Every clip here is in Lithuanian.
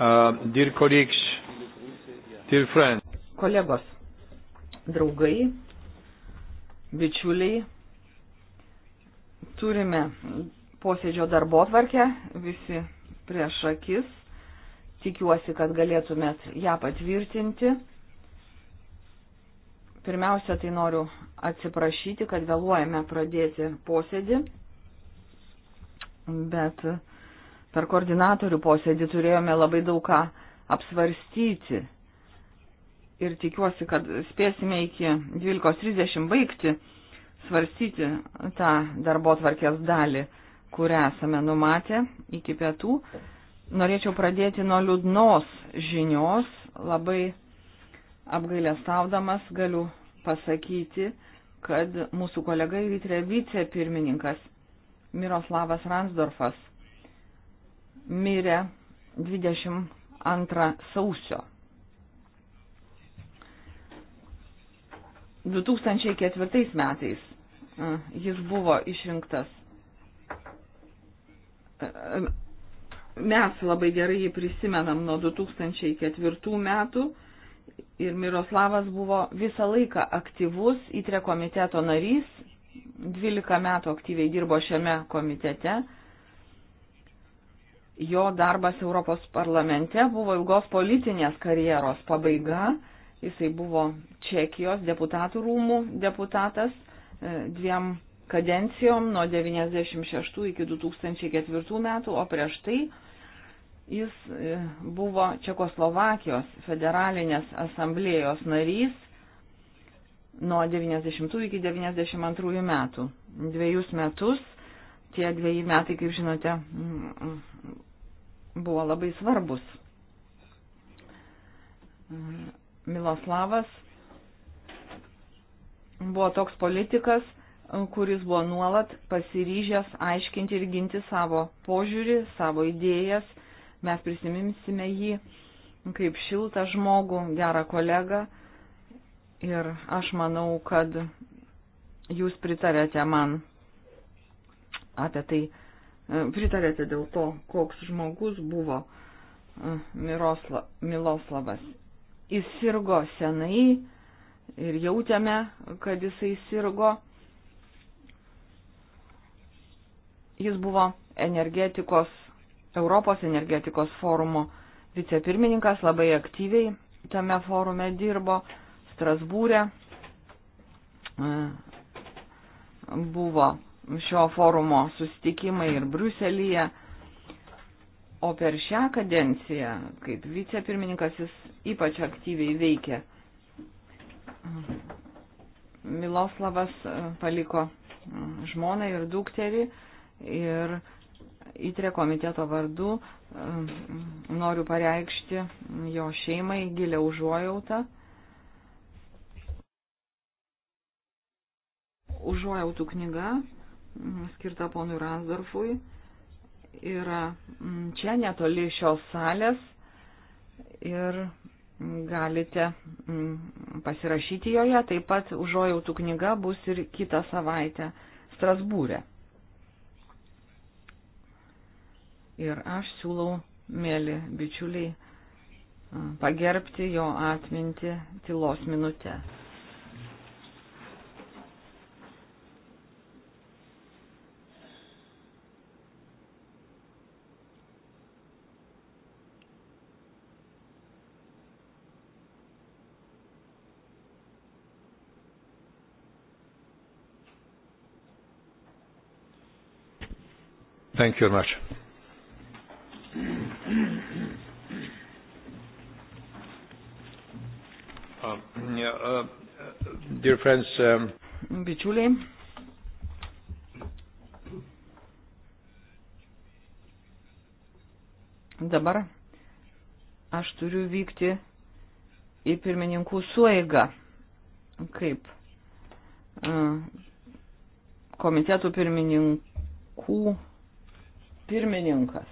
Uh, dear colleagues, dear friends. Kolegos, draugai, bičiuliai, turime posėdžio darbo tvarkę, visi prieš akis. Tikiuosi, kad galėtumėt ją patvirtinti. Pirmiausia, tai noriu atsiprašyti, kad vėluojame pradėti posėdį, bet uh, Per koordinatorių posėdį turėjome labai daug ką apsvarstyti. Ir tikiuosi, kad spėsime iki 12.30 baigti svarstyti tą darbo tvarkės dalį, kurią esame numatę iki pietų. Norėčiau pradėti nuo liūdnos žinios. Labai apgailę staudamas galiu pasakyti, kad mūsų kolega įvitrė vicepirmininkas Miroslavas Ransdorfas mirė 22 sausio. 2004 metais e, jis buvo išrinktas. E, e, mes labai gerai jį prisimenam nuo 2004 metų ir Miroslavas buvo visą laiką aktyvus įtre komiteto narys, 12 metų aktyviai dirbo šiame komitete jo darbas Europos parlamente buvo ilgos politinės karjeros pabaiga. Jisai buvo Čekijos deputatų rūmų deputatas e, dviem kadencijom nuo 96 iki 2004 metų, o prieš tai jis e, buvo Čekoslovakijos federalinės asamblėjos narys nuo 90 iki 92 metų. Dviejus metus tie dviejai metai, kaip žinote, buvo labai svarbus. Miloslavas buvo toks politikas, kuris buvo nuolat pasiryžęs aiškinti ir ginti savo požiūrį, savo idėjas. Mes prisiminsime jį kaip šiltą žmogų, gerą kolegą. Ir aš manau, kad jūs pritarėte man apie tai E, pritarėte dėl to, koks žmogus buvo e, Mirosla, Miloslavas. Jis sirgo senai ir jautėme, kad jisai sirgo. Jis buvo energetikos, Europos energetikos forumo vicepirmininkas, labai aktyviai tame forume dirbo, Strasbūrė e, buvo šio forumo sustikimai ir Bruselėje. O per šią kadenciją, kaip vicepirmininkas, jis ypač aktyviai veikė. Miloslavas e, paliko e, žmoną ir dukterį ir įtrė komiteto vardu e, noriu pareikšti jo šeimai gilę užuojautą. Užuojautų knyga skirta ponui Ransdorfui yra mm, čia netoli šios salės ir galite mm, pasirašyti joje. Taip pat užuojautų knyga bus ir kitą savaitę Strasbūrė. Ir aš siūlau, mėly bičiuliai, mm, pagerbti jo atminti tylos minutę. Thank you very much. Um, yeah, uh, uh, dear friends, um, bičiuliai, dabar aš turiu vykti į pirmininkų sueigą, kaip uh, komitetų pirmininkų pirmininkas.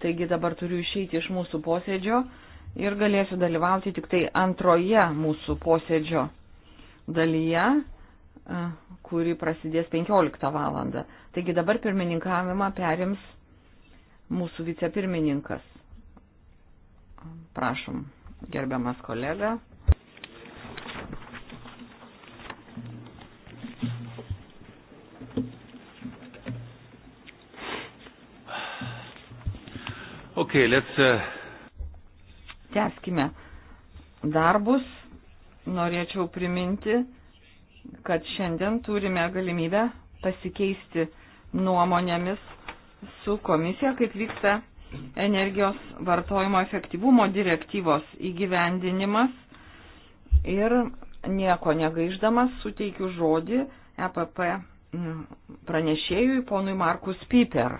Taigi dabar turiu išeiti iš mūsų posėdžio ir galėsiu dalyvauti tik tai antroje mūsų posėdžio dalyje, kuri prasidės 15 valandą. Taigi dabar pirmininkavimą perims mūsų vicepirmininkas. Prašom, gerbiamas kolega. Okay, let's, uh... Teskime darbus. Norėčiau priminti, kad šiandien turime galimybę pasikeisti nuomonėmis su komisija, kaip vyksta energijos vartojimo efektyvumo direktyvos įgyvendinimas. Ir nieko negaiždamas suteikiu žodį EPP pranešėjui ponui Markus Piper.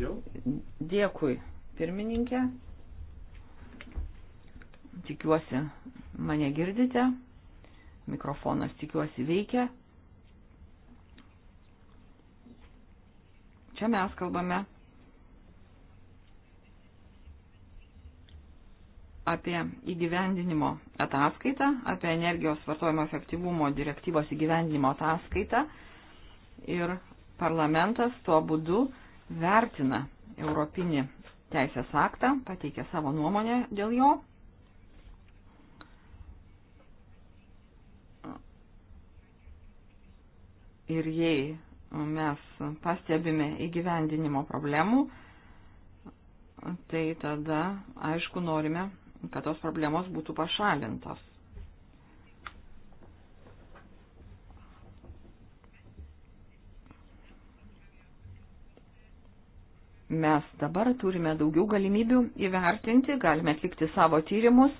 Dėkui, pirmininkė. Tikiuosi, mane girdite. Mikrofonas tikiuosi veikia. Čia mes kalbame apie įgyvendinimo ataskaitą, apie energijos vartojimo efektyvumo direktyvos įgyvendinimo ataskaitą ir parlamentas tuo būdu vertina Europinį teisės aktą, pateikia savo nuomonę dėl jo. Ir jei mes pastebime įgyvendinimo problemų, tai tada, aišku, norime, kad tos problemos būtų pašalintos. Mes dabar turime daugiau galimybių įvertinti, galime atlikti savo tyrimus,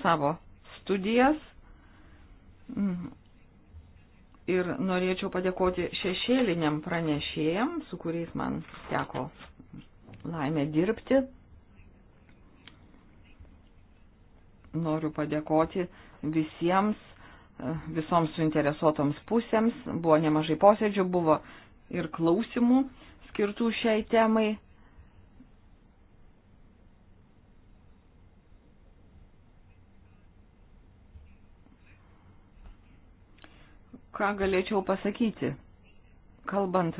savo studijas. Ir norėčiau padėkoti šešėliniam pranešėjam, su kuriais man teko laimė dirbti. Noriu padėkoti visiems, visoms suinteresuotoms pusėms. Buvo nemažai posėdžių, buvo ir klausimų skirtų šiai temai. Ką galėčiau pasakyti, kalbant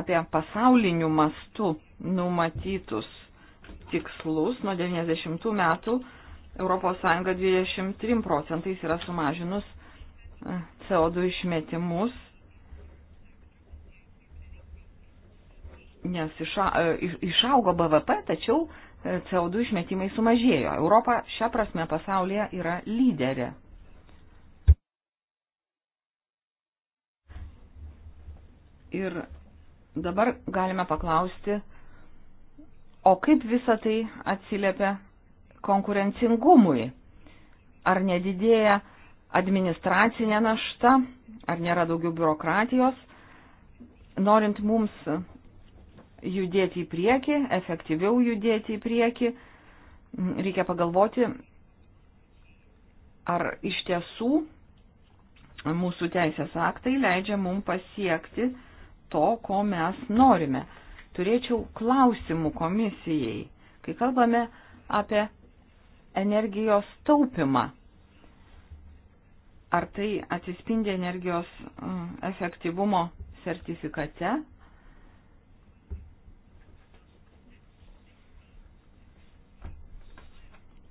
apie pasaulinių mastų numatytus tikslus nuo 90 metų ES 23 procentais yra sumažinus e, CO2 išmetimus nes iša, e, išaugo BVP, tačiau e, CO2 išmetimai sumažėjo. Europa šią prasme pasaulyje yra lyderė. Ir dabar galime paklausti, o kaip visa tai atsiliepia konkurencingumui? Ar nedidėja administracinė našta, ar nėra daugiau biurokratijos? Norint mums judėti į priekį, efektyviau judėti į priekį. Reikia pagalvoti, ar iš tiesų mūsų teisės aktai leidžia mum pasiekti to, ko mes norime. Turėčiau klausimų komisijai, kai kalbame apie energijos taupimą. Ar tai atsispindi energijos mm, efektyvumo sertifikate?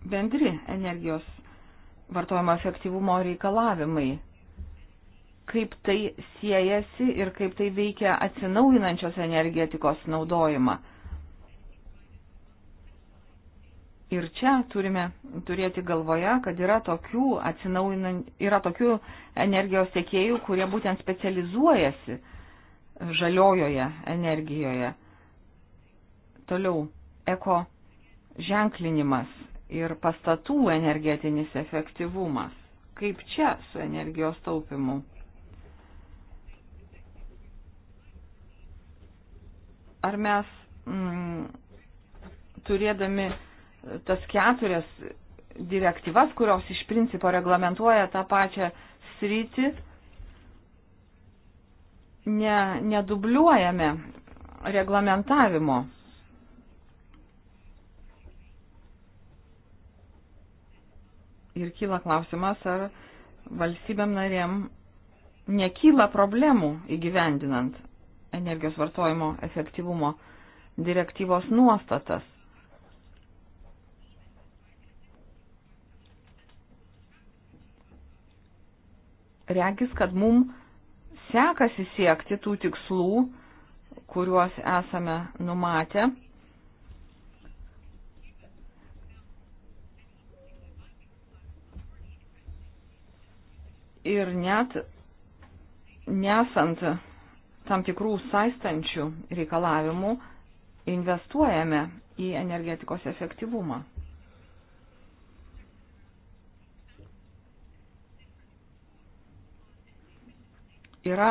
bendri energijos vartojimo efektyvumo reikalavimai. Kaip tai siejasi ir kaip tai veikia atsinaujinančios energetikos naudojimą. Ir čia turime turėti galvoje, kad yra tokių, yra tokių energijos tiekėjų, kurie būtent specializuojasi žaliojoje energijoje. Toliau, eko ženklinimas ir pastatų energetinis efektyvumas. Kaip čia su energijos taupimu? Ar mes mm, turėdami tas keturias direktyvas, kurios iš principo reglamentuoja tą pačią sritį, ne, nedubliuojame reglamentavimo? ir kyla klausimas, ar valstybėm narėm nekyla problemų įgyvendinant energijos vartojimo efektyvumo direktyvos nuostatas. Regis, kad mum sekasi siekti tų tikslų, kuriuos esame numatę ir net nesant tam tikrų saistančių reikalavimų investuojame į energetikos efektyvumą. Yra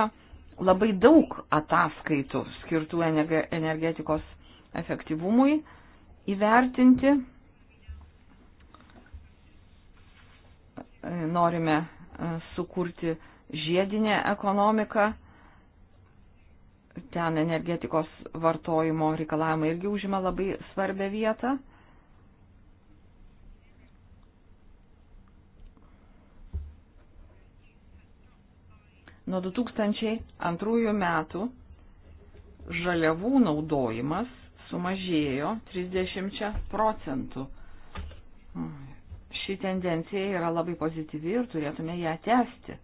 labai daug ataskaitų skirtų energetikos efektyvumui įvertinti. Norime sukurti žiedinę ekonomiką. Ten energetikos vartojimo reikalavimai irgi užima labai svarbę vietą. Nuo 2002 metų žaliavų naudojimas sumažėjo 30 procentų ši tendencija yra labai pozityvi ir turėtume ją tęsti.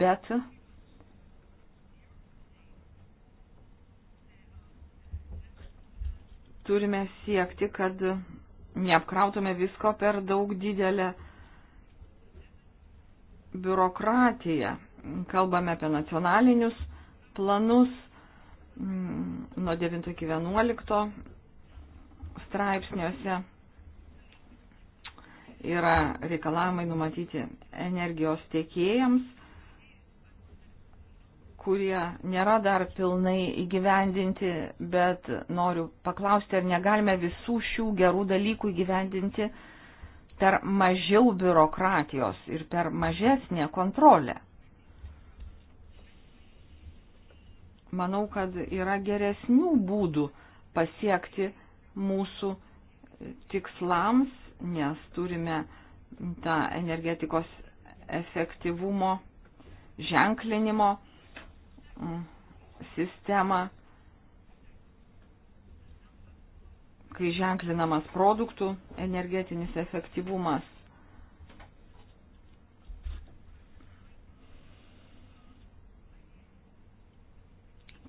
Bet turime siekti, kad neapkrautume visko per daug didelę biurokratiją. Kalbame apie nacionalinius planus mm, nuo 9 iki 11 straipsniuose yra reikalavimai numatyti energijos tiekėjams, kurie nėra dar pilnai įgyvendinti, bet noriu paklausti, ar negalime visų šių gerų dalykų įgyvendinti per mažiau biurokratijos ir per mažesnę kontrolę. Manau, kad yra geresnių būdų pasiekti mūsų tikslams nes turime tą energetikos efektyvumo ženklinimo mm, sistemą, kai ženklinamas produktų energetinis efektyvumas.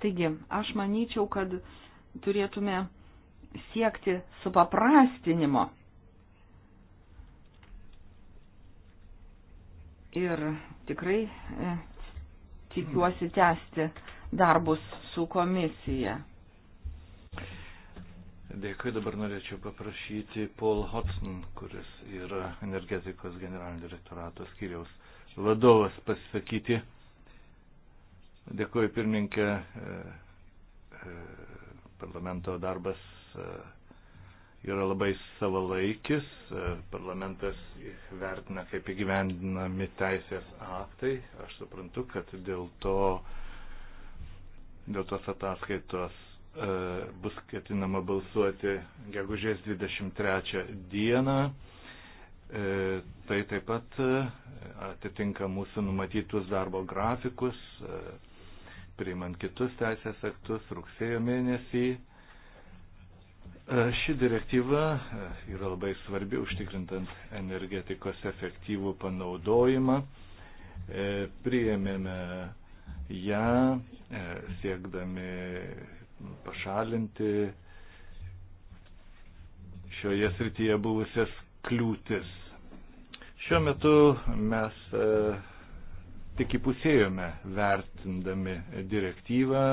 Taigi, aš manyčiau, kad turėtume siekti supaprastinimo ir tikrai e, tikiuosi tęsti darbus su komisija. Dėkui, dabar norėčiau paprašyti Paul Hodson, kuris yra energetikos generalinio direktorato skyriaus vadovas, pasisakyti. Dėkuoju, pirmininkė, e, e, parlamento darbas yra labai savalaikis, e, parlamentas vertina, kaip įgyvendinami teisės aktai. Aš suprantu, kad dėl to, dėl tos ataskaitos e, bus ketinama balsuoti gegužės 23 dieną. E, tai taip pat atitinka mūsų numatytus darbo grafikus, priimant kitus teisės aktus rugsėjo mėnesį. E, ši direktyva e, yra labai svarbi užtikrintant energetikos efektyvų panaudojimą. E, priėmėme ją siekdami pašalinti šioje srityje buvusias kliūtis. Šiuo metu mes tik įpusėjome vertindami direktyvą,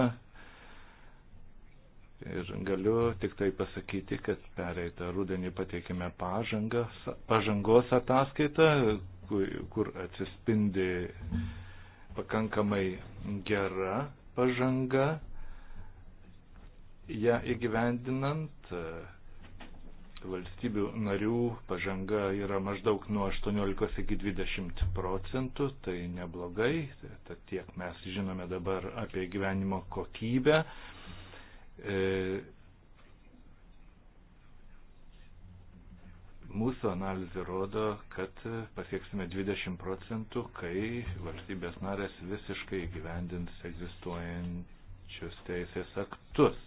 Ir galiu tik tai pasakyti, kad pereitą rudenį pateikėme pažangą, pažangos ataskaitą, kur atsispindi pakankamai gera pažanga ją įgyvendinant. Valstybių narių pažanga yra maždaug nuo 18 iki 20 procentų, tai neblogai, tad tiek mes žinome dabar apie gyvenimo kokybę. E, mūsų analizė rodo, kad pasieksime 20 procentų, kai valstybės narės visiškai gyvendins egzistuojančius teisės aktus.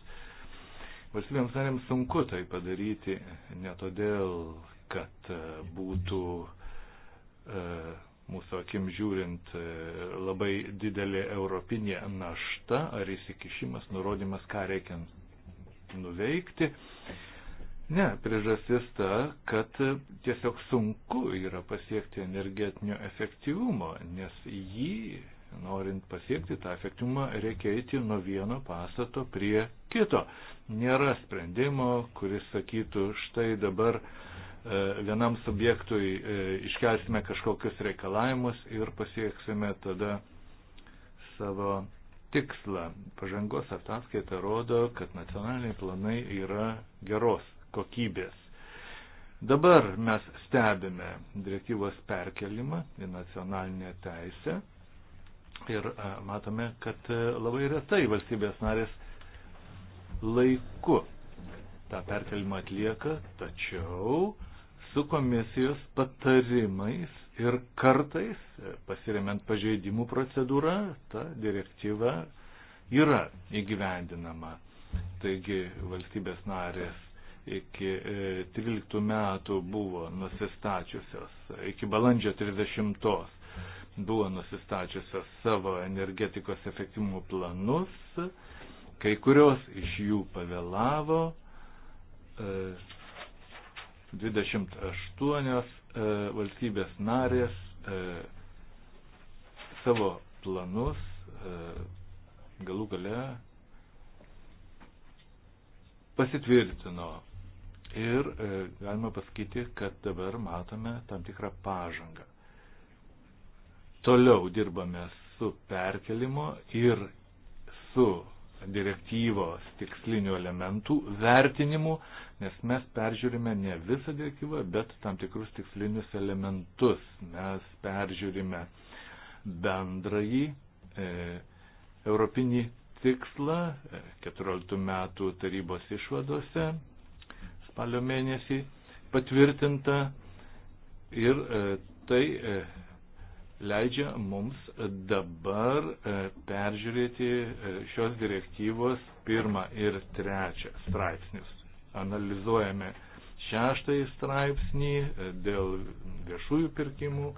Valstybėms narėms sunku tai padaryti ne todėl, kad būtų e, mūsų akim žiūrint e, labai didelė europinė našta ar įsikišimas, nurodymas, ką reikia nuveikti. Ne, priežastis ta, kad tiesiog sunku yra pasiekti energetinio efektyvumo, nes jį, norint pasiekti tą efektyvumą, reikia eiti nuo vieno pastato prie kito. Nėra sprendimo, kuris sakytų, štai dabar uh, E, vienam subjektui e, iškelsime kažkokius reikalavimus ir pasieksime tada savo tikslą. Pažangos ataskaita rodo, kad nacionaliniai planai yra geros kokybės. Dabar mes stebime direktyvos perkelimą į nacionalinę teisę ir e, matome, kad labai retai valstybės narės laiku tą perkelimą atlieka, tačiau su komisijos patarimais ir kartais, pasiremiant pažeidimų procedūrą, ta direktyva yra įgyvendinama. Taigi valstybės narės iki 13 e, metų buvo nusistačiusios, iki balandžio 30 buvo nusistačiusios savo energetikos efektyvumo planus, kai kurios iš jų pavėlavo, e, 28 e, valstybės narės e, savo planus e, galų gale pasitvirtino. Ir galima pasakyti, kad dabar matome tam tikrą pažangą. Toliau dirbame su perkelimo ir su direktyvos tikslinių elementų vertinimu, nes mes peržiūrime ne visą direktyvą, bet tam tikrus tikslinius elementus. Mes peržiūrime bendrąjį e, europinį tikslą 14 e, metų tarybos išvadose spalio mėnesį patvirtinta ir e, tai e, leidžia mums dabar e, peržiūrėti e, šios direktyvos pirmą ir trečią straipsnius. Analizuojame šeštąjį straipsnį e, dėl viešųjų pirkimų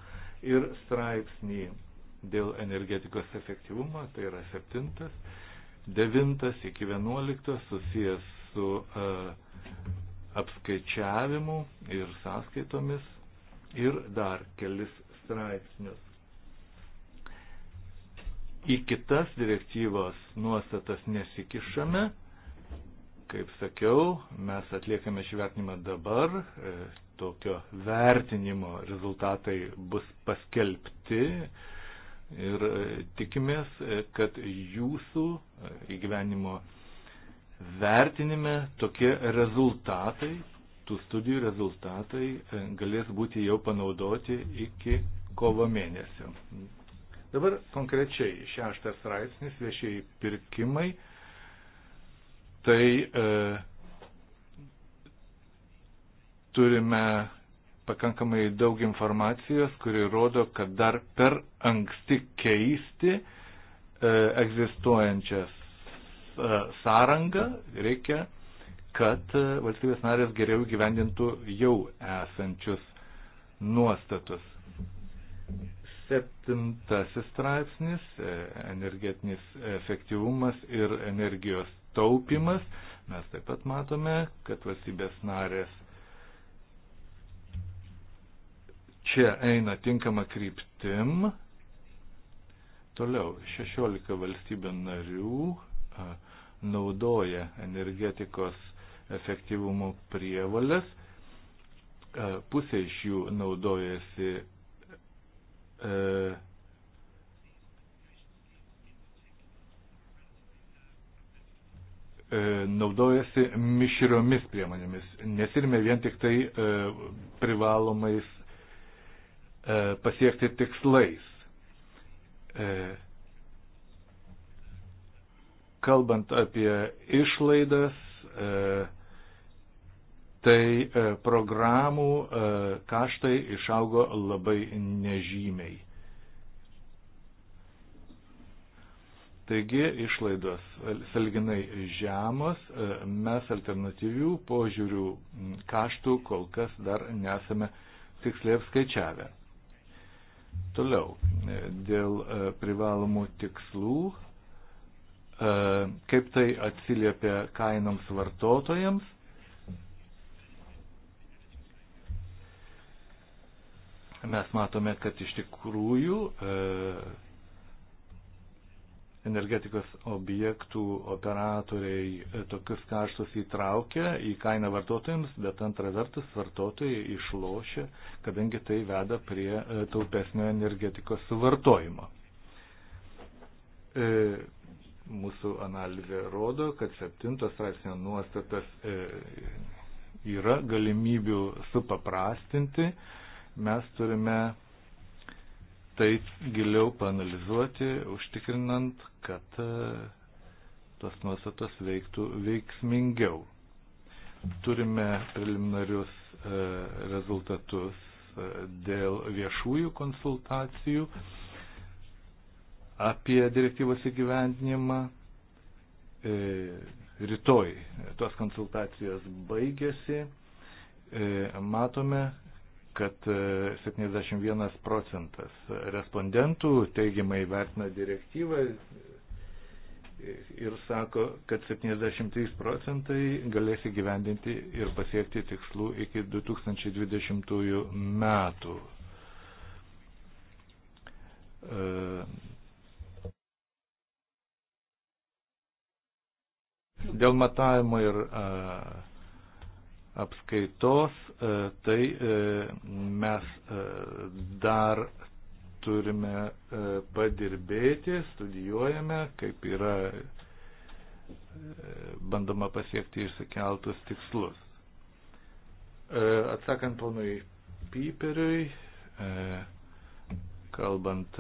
ir straipsnį dėl energetikos efektyvumo, tai yra septintas, devintas iki vienuoliktas susijęs su uh, apskaičiavimu ir sąskaitomis ir dar kelis straipsnius į kitas direktyvos nuostatas nesikišame. Kaip sakiau, mes atliekame šį vertinimą dabar, e, tokio vertinimo rezultatai bus paskelbti ir e, tikimės, e, kad jūsų įgyvenimo vertinime tokie rezultatai, tų studijų rezultatai galės būti jau panaudoti iki kovo mėnesio. Dabar konkrečiai šeštas straipsnis viešieji pirkimai. Tai e, turime pakankamai daug informacijos, kuri rodo, kad dar per anksti keisti e, egzistuojančias e, sąrangą. Reikia, kad e, valstybės narės geriau gyvendintų jau esančius nuostatus. Septintasis straipsnis e, - energetinis efektyvumas ir energijos taupimas. Mes taip pat matome, kad valstybės narės čia eina tinkama kryptim. Toliau 16 valstybių narių e, naudoja energetikos efektyvumo prievalės. E, pusė iš jų naudojasi E, e, naudojasi mišriomis priemonėmis. Nesirime vien tik tai e, privalomais e, pasiekti tikslais. E, kalbant apie išlaidas, e, tai e, programų e, kaštai išaugo labai nežymiai. Taigi išlaidos salginai žemos, e, mes alternatyvių požiūrių kaštų kol kas dar nesame tiksliai apskaičiavę. Toliau, dėl privalomų tikslų, kaip tai atsiliepia kainoms vartotojams, mes matome, kad iš tikrųjų e, energetikos objektų operatoriai e, tokius kaštus įtraukia į kainą vartotojams, bet antra vertus vartotojai išlošia, kadangi tai veda prie e, taupesnio energetikos suvartojimo. Mūsų analizė rodo, kad septintos straipsnio nuostatas yra galimybių supaprastinti, mes turime tai giliau panalizuoti, užtikrinant, kad e, tas nuostatas veiktų veiksmingiau. Turime preliminarius e, rezultatus e, dėl viešųjų konsultacijų apie direktyvos įgyvendinimą. Rytoj tos konsultacijos baigėsi. Matome, kad 71 e, procentas respondentų teigiamai vertina direktyvą ir sako, kad 73 procentai galės įgyvendinti ir pasiekti tikslų iki 2020 metų. E, dėl matavimo ir uh, apskaitos, e, tai e, mes e, dar turime padirbėti, studijuojame, kaip yra bandoma pasiekti išsikeltus tikslus. Atsakant ponui Piperiui, kalbant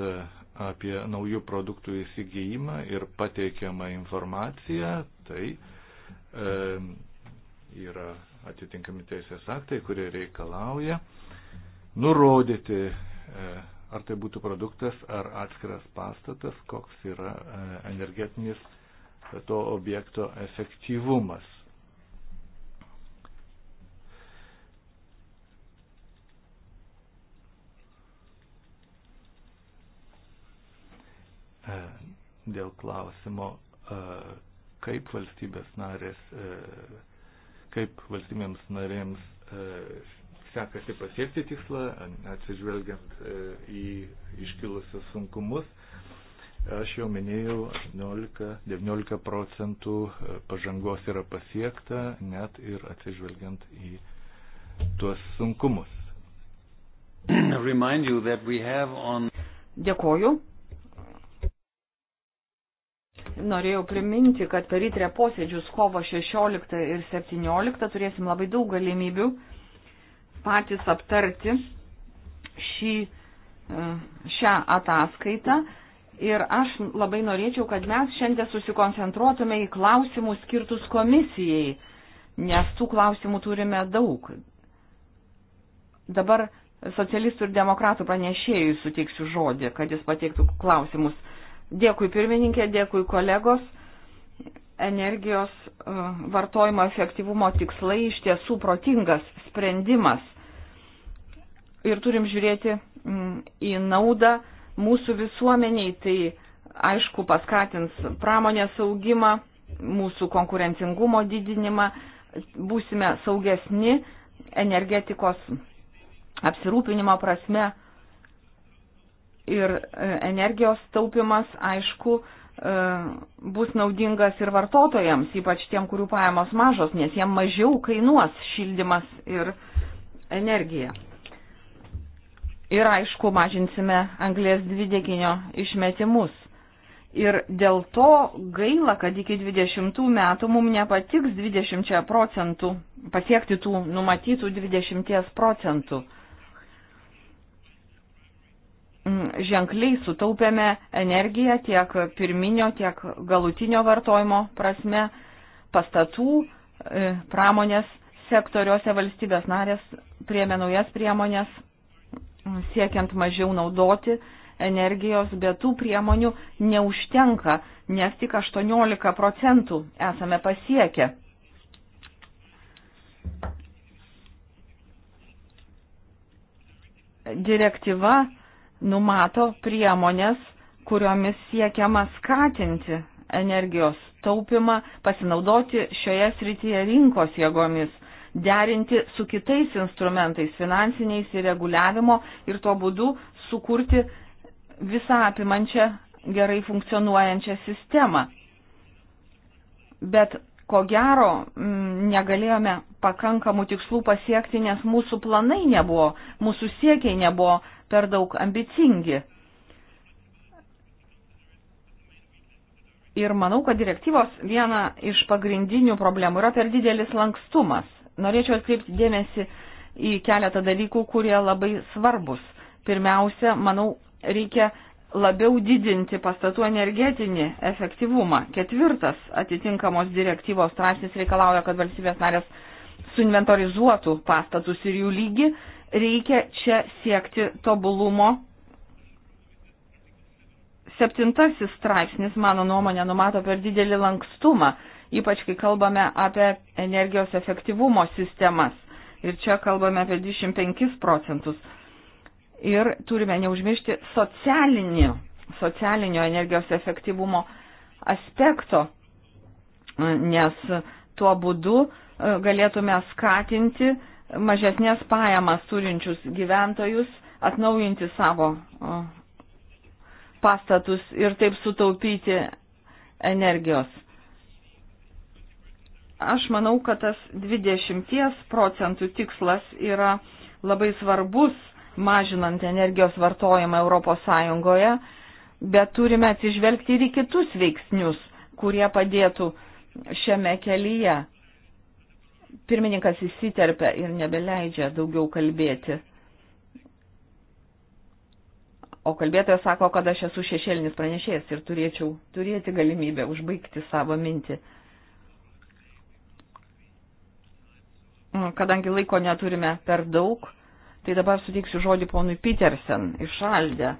apie naujų produktų įsigijimą ir pateikiamą informaciją, tai yra atitinkami teisės aktai, kurie reikalauja nurodyti, e, ar tai būtų produktas ar atskiras pastatas, koks yra e, energetinis to objekto efektyvumas. E, dėl klausimo, kaip valstybės narės kaip valstybėms narėms e, sekasi pasiekti tikslą, atsižvelgiant e, į iškilusius sunkumus. Aš jau minėjau, 19 procentų e, pažangos yra pasiekta, net ir atsižvelgiant į tuos sunkumus. On... Dėkoju norėjau priminti, kad per įtrę posėdžius kovo 16 ir 17 turėsim labai daug galimybių patys aptarti šį, e, šią ataskaitą. Ir aš labai norėčiau, kad mes šiandien susikoncentruotume į klausimus skirtus komisijai, nes tų klausimų turime daug. Dabar socialistų ir demokratų pranešėjui suteiksiu žodį, kad jis pateiktų klausimus. Dėkui pirmininkė, dėkui kolegos. Energijos e, vartojimo efektyvumo tikslai iš tiesų protingas sprendimas. Ir turim žiūrėti į naudą mūsų visuomeniai, tai aišku paskatins pramonės augimą, mūsų konkurencingumo didinimą, būsime saugesni energetikos apsirūpinimo prasme ir e, energijos taupimas, aišku, e, bus naudingas ir vartotojams, ypač tiem, kurių pajamos mažos, nes jiem mažiau kainuos šildymas ir energija. Ir aišku, mažinsime anglės dvideginio išmetimus. Ir dėl to gaila, kad iki 20 metų mums nepatiks 20 procentų pasiekti tų numatytų 20 procentų ženkliai sutaupėme energiją tiek pirminio, tiek galutinio vartojimo prasme pastatų, e, pramonės sektoriuose valstybės narės priemė naujas priemonės, siekiant mažiau naudoti energijos, bet tų priemonių neužtenka, nes tik 18 procentų esame pasiekę. Direktyva numato priemonės, kuriomis siekiama skatinti energijos taupimą, pasinaudoti šioje srityje rinkos jėgomis, derinti su kitais instrumentais, finansiniais ir reguliavimo ir tuo būdu sukurti visą apimančią gerai funkcionuojančią sistemą. Bet ko gero mm, negalėjome pakankamų tikslų pasiekti, nes mūsų planai nebuvo, mūsų siekiai nebuvo per daug ambicingi. Ir manau, kad direktyvos viena iš pagrindinių problemų yra per didelis lankstumas. Norėčiau atkreipti dėmesį į keletą dalykų, kurie labai svarbus. Pirmiausia, manau, reikia labiau didinti pastatų energetinį efektyvumą. Ketvirtas atitinkamos direktyvos straipsnis reikalauja, kad valstybės narės suinventorizuotų pastatus ir jų lygį. Reikia čia siekti tobulumo. Septintasis straipsnis, mano nuomonė, numato per didelį lankstumą, ypač kai kalbame apie energijos efektyvumo sistemas. Ir čia kalbame apie 25 procentus ir turime neužmiršti socialinio, socialinio energijos efektyvumo aspekto, nes tuo būdu e, galėtume skatinti mažesnės pajamas turinčius gyventojus atnaujinti savo e, pastatus ir taip sutaupyti energijos. Aš manau, kad tas 20 procentų tikslas yra labai svarbus mažinant energijos vartojimą ES, bet turime atsižvelgti ir į kitus veiksnius, kurie padėtų šiame kelyje. Pirmininkas įsiterpia ir nebeleidžia daugiau kalbėti. O kalbėtojas sako, kad aš esu šešėlinis pranešėjas ir turėčiau turėti galimybę užbaigti savo mintį. Kadangi laiko neturime per daug, Tai dabar suteiksiu žodį ponui Petersen išaldę.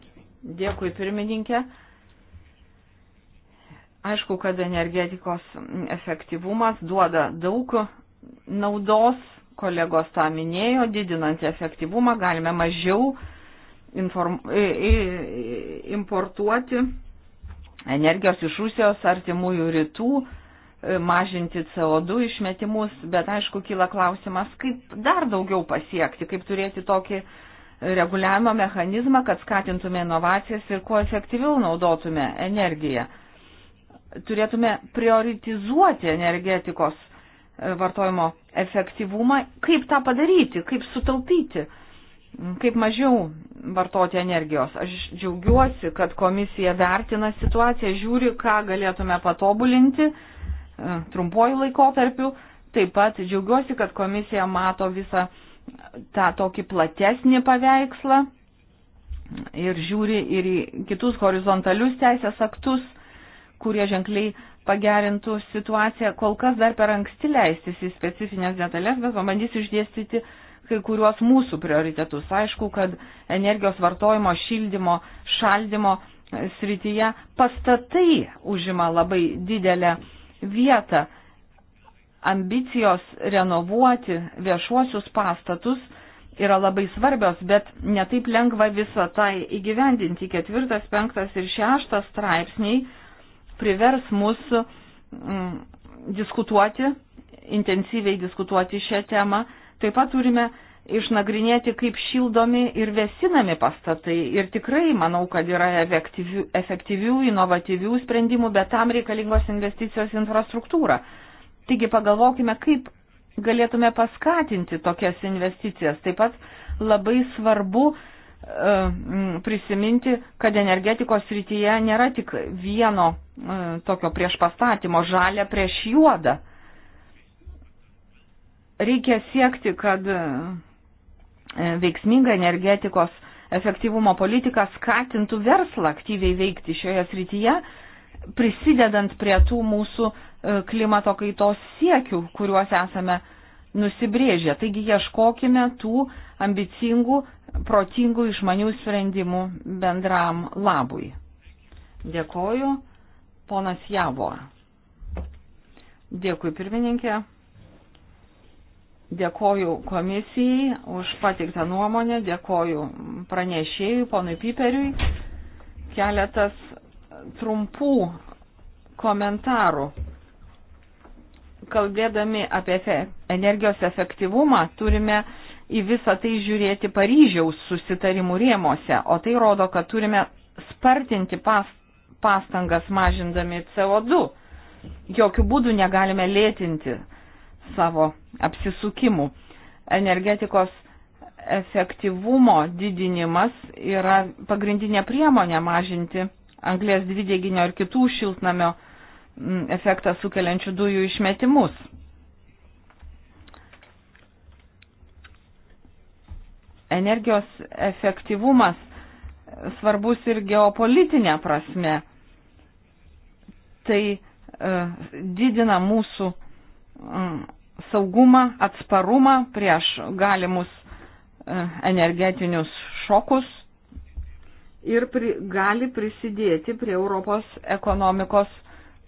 Dėkui pirmininkė. Aišku, kad energetikos efektyvumas duoda daug naudos, kolegos tą minėjo, didinant efektyvumą galime mažiau inform, importuoti energijos iš Rusijos artimųjų rytų E, mažinti CO2 išmetimus, bet aišku, kyla klausimas, kaip dar daugiau pasiekti, kaip turėti tokį reguliavimo mechanizmą, kad skatintume inovacijas ir kuo efektyviau naudotume energiją. Turėtume prioritizuoti energetikos e, vartojimo efektyvumą, kaip tą padaryti, kaip sutaupyti, kaip mažiau vartoti energijos. Aš džiaugiuosi, kad komisija vertina situaciją, žiūri, ką galėtume patobulinti E, trumpuoju laikotarpiu. Taip pat džiaugiuosi, kad komisija mato visą tą tokį platesnį paveikslą ir žiūri ir į kitus horizontalius teisės aktus, kurie ženkliai pagerintų situaciją. Kol kas dar per anksti leistis į specifines detalės, bet pabandysiu išdėstyti kai kuriuos mūsų prioritetus. Aišku, kad energijos vartojimo, šildymo, šaldymo srityje pastatai užima labai didelę vietą. Ambicijos renovuoti viešuosius pastatus yra labai svarbios, bet netaip lengva visą tai įgyvendinti. Ketvirtas, penktas ir šeštas straipsniai privers mus mm, diskutuoti, intensyviai diskutuoti šią temą. Taip pat turime išnagrinėti, kaip šildomi ir vėsinami pastatai. Ir tikrai manau, kad yra efektyvių, efektyvių inovatyvių sprendimų, bet tam reikalingos investicijos infrastruktūra. Taigi pagalvokime, kaip galėtume paskatinti tokias investicijas. Taip pat labai svarbu e, prisiminti, kad energetikos rytyje nėra tik vieno e, tokio priešpastatymo žalia prieš juodą reikia siekti, kad E, veiksminga energetikos efektyvumo politika skatintų verslą aktyviai veikti šioje srityje, prisidedant prie tų mūsų e, klimato kaitos siekių, kuriuos esame nusibrėžę. Taigi ieškokime tų ambicingų, protingų, išmanių sprendimų bendram labui. Dėkoju, ponas Javor. Dėkui, pirmininkė. Dėkoju komisijai už patiktą nuomonę, dėkoju pranešėjui, ponui Piperiui. Keletas trumpų komentarų. Kalbėdami apie energijos efektyvumą, turime į visą tai žiūrėti Paryžiaus susitarimų rėmose, o tai rodo, kad turime spartinti pastangas mažindami CO2. Jokių būdų negalime lėtinti savo apsisukimų. Energetikos efektyvumo didinimas yra pagrindinė priemonė mažinti anglės dvideginio ir kitų šiltnamio mm, efektą sukeliančių dujų išmetimus. Energijos efektyvumas svarbus ir geopolitinė prasme. Tai e, didina mūsų mm, saugumą, atsparumą prieš galimus e, energetinius šokus ir pri, gali prisidėti prie Europos ekonomikos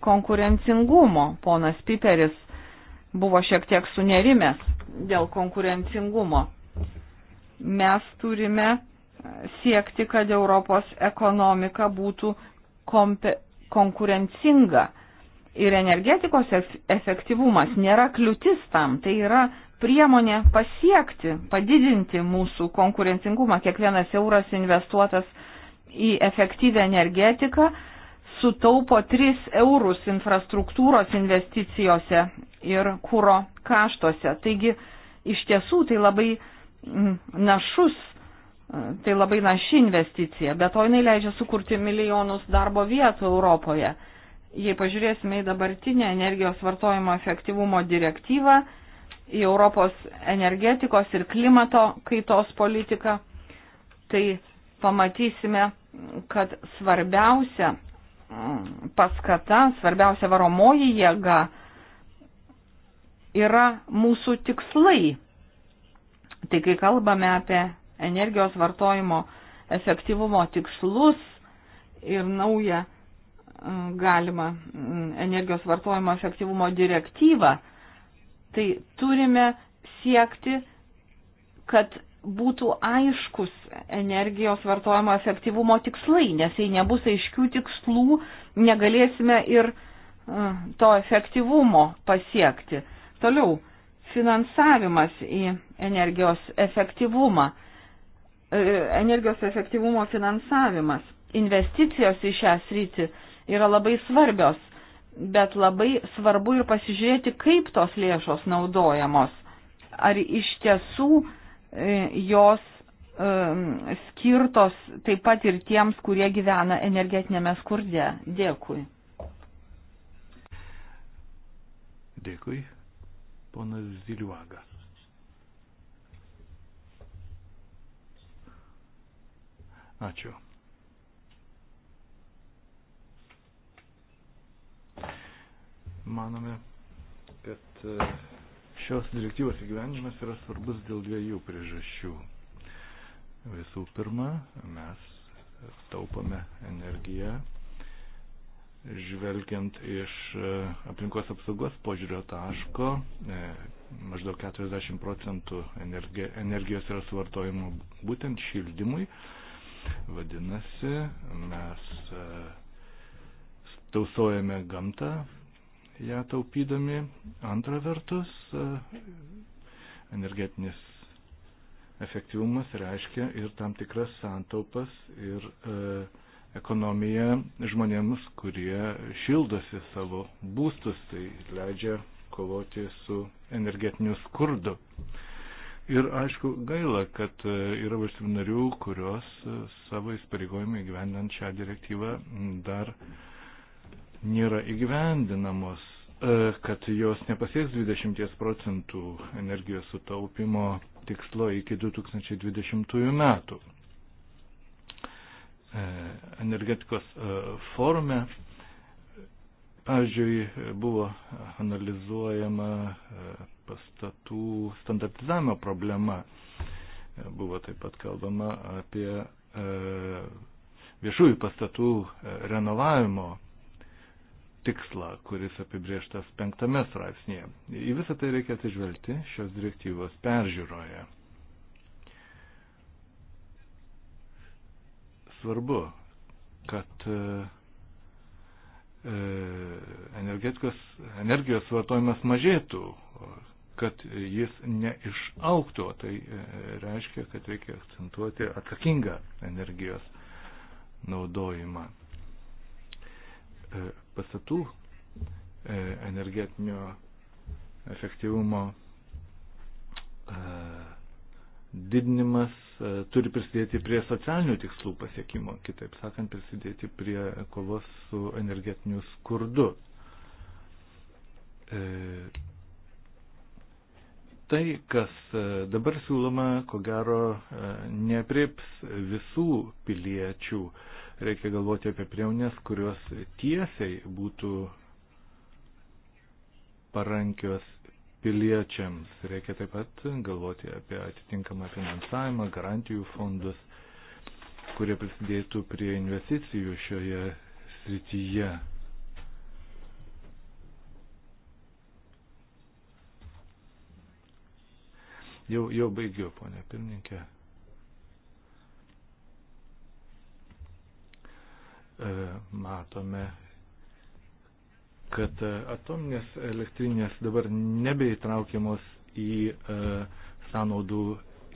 konkurencingumo. Ponas Piperis buvo šiek tiek sunerimęs dėl konkurencingumo. Mes turime siekti, kad Europos ekonomika būtų kompe, konkurencinga ir energetikos efektyvumas nėra kliūtis tam, tai yra priemonė pasiekti, padidinti mūsų konkurencingumą. Kiekvienas euras investuotas į efektyvę energetiką sutaupo 3 eurus infrastruktūros investicijose ir kūro kaštuose. Taigi iš tiesų tai labai mm, našus, tai labai naši investicija, bet to jinai leidžia sukurti milijonus darbo vietų Europoje. Jei pažiūrėsime į dabartinę energijos vartojimo efektyvumo direktyvą, į Europos energetikos ir klimato kaitos politiką, tai pamatysime, kad svarbiausia mm, paskata, svarbiausia varomoji jėga yra mūsų tikslai. Tai kai kalbame apie energijos vartojimo efektyvumo tikslus ir naują galima mm, energijos vartojimo efektyvumo direktyvą, tai turime siekti, kad būtų aiškus energijos vartojimo efektyvumo tikslai, nes jei nebus aiškių tikslų, negalėsime ir mm, to efektyvumo pasiekti. Toliau, finansavimas į energijos efektyvumą, e, energijos efektyvumo finansavimas, investicijos į šią sritį yra labai svarbios, bet labai svarbu ir pasižiūrėti, kaip tos lėšos naudojamos. Ar iš tiesų e, jos e, skirtos taip pat ir tiems, kurie gyvena energetinėme skurde. Dėkui. Dėkui, ponas Ziliuaga. Ačiū. Manome, kad e, šios direktyvos įgyvenimas yra svarbus dėl dviejų priežasčių. Visų pirma, mes taupome energiją, žvelgiant iš e, aplinkos apsaugos požiūrio taško, e, maždaug 40 procentų energijos yra suvartojama būtent šildymui. Vadinasi, mes tausojame gamtą, ją taupydami. Antra vertus, e, energetinis efektyvumas reiškia ir tam tikras santaupas ir e, ekonomija žmonėms, kurie šildosi savo būstus, tai leidžia kovoti su energetiniu skurdu. Ir aišku, gaila, kad e, yra valstybių narių, kurios e, savo įsipareigojimą įgyvendant šią direktyvą dar nėra įgyvendinamos. E, kad jos nepasieks 20 procentų energijos sutaupimo tikslo iki 2020 metų. E, energetikos e, forume, pavyzdžiui, buvo analizuojama pastatų standartizavimo problema. Buvo taip pat kalbama apie viešųjų pastatų renovavimo tikslą, kuris apibrieštas penktame straipsnėje. Į visą tai reikia atsižvelgti šios direktyvos peržiūroje. Svarbu, kad e, e, energetikos, energijos vartojimas mažėtų, kad jis neišauktų. Tai e, reiškia, kad reikia akcentuoti atsakingą energijos naudojimą pastatų e, energetinio efektyvumo e, didinimas e, turi prisidėti prie socialinių tikslų pasiekimo, kitaip sakant, prisidėti prie kovos su energetiniu skurdu. Tai, kas dabar siūloma, ko gero, neprips visų piliečių. Reikia galvoti apie priemonės, kurios tiesiai būtų parankios piliečiams. Reikia taip pat galvoti apie atitinkamą finansavimą, garantijų fondus, kurie prisidėtų prie investicijų šioje srityje. Jau, jau baigiu, ponia pirmininkė. E, matome, kad e, atominės elektrinės dabar nebeįtraukiamos į e, sąnaudų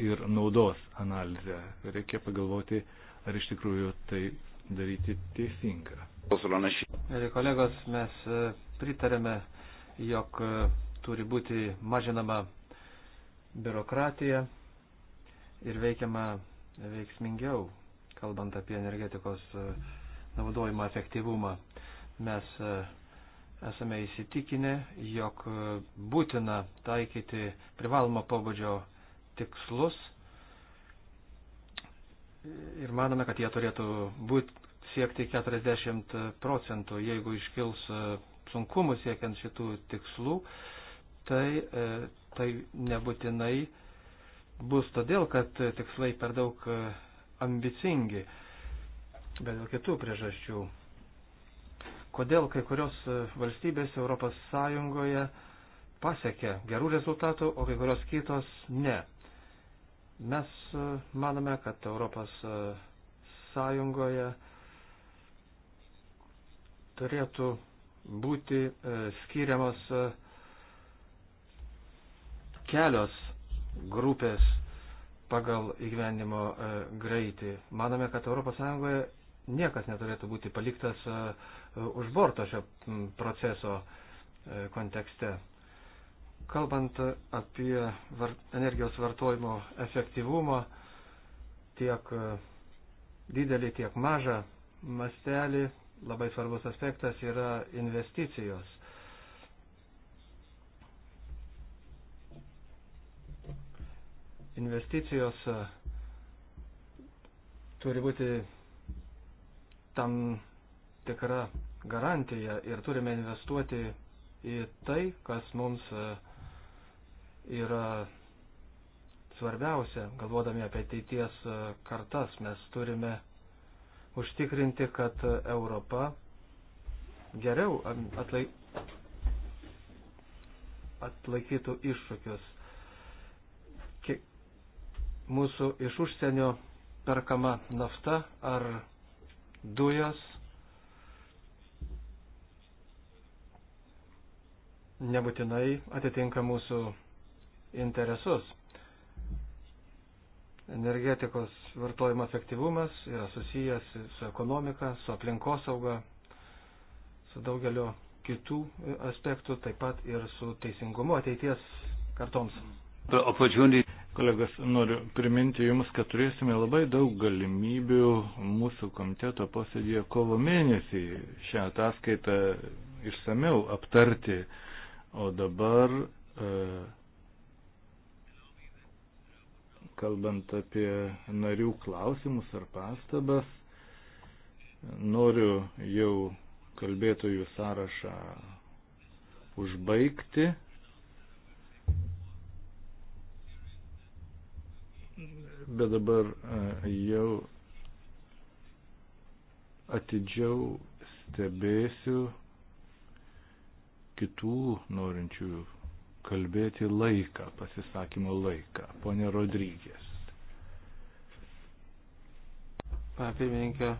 ir naudos analizę. Reikia pagalvoti, ar iš tikrųjų tai daryti teisinga. Mėly kolegos, mes pritarėme, jog turi būti mažinama biurokratija ir veikiama veiksmingiau, kalbant apie energetikos uh, naudojimo efektyvumą. Mes e, esame įsitikinę, jog e, būtina taikyti privalomą pobūdžio tikslus ir manome, kad jie turėtų būti siekti 40 procentų, jeigu iškils e, sunkumų siekiant šitų tikslų, tai, tai nebūtinai bus todėl, kad tikslai per daug ambicingi bet dėl kitų priežasčių. Kodėl kai kurios valstybės Europos Sąjungoje pasiekė gerų rezultatų, o kai kurios kitos ne. Mes e, e, e, manome, kad Europos Sąjungoje turėtų būti skiriamos kelios grupės pagal įgyvendimo greitį. Manome, kad ES niekas neturėtų būti paliktas e, už borto šio proceso e, kontekste. Kalbant apie energijos vartojimo efektyvumą, tiek e, didelį, tiek mažą mastelį, labai svarbus aspektas yra investicijos. Investicijos turi būti tam tikra garantija ir turime investuoti į tai, kas mums e, yra svarbiausia, galvodami apie ateities e, kartas. Mes turime užtikrinti, kad Europa geriau atlaik... atlaikytų iššūkius. Mūsų iš užsienio perkama nafta ar dujos nebūtinai atitinka mūsų interesus. Energetikos vartojimo efektyvumas yra susijęs su ekonomika, su aplinkosauga, su daugeliu kitų aspektų, taip pat ir su teisingumu ateities kartoms. Kolegas, noriu priminti Jums, kad turėsime labai daug galimybių mūsų komiteto posėdėje kovo mėnesį šią ataskaitą išsameu aptarti. O dabar, e, kalbant apie narių klausimus ar pastabas, noriu jau kalbėtojų sąrašą užbaigti. bet dabar e, jau atidžiau stebėsiu kitų norinčių kalbėti laiką, pasisakymo laiką. Pone Rodrygės. Pane pirmininkė,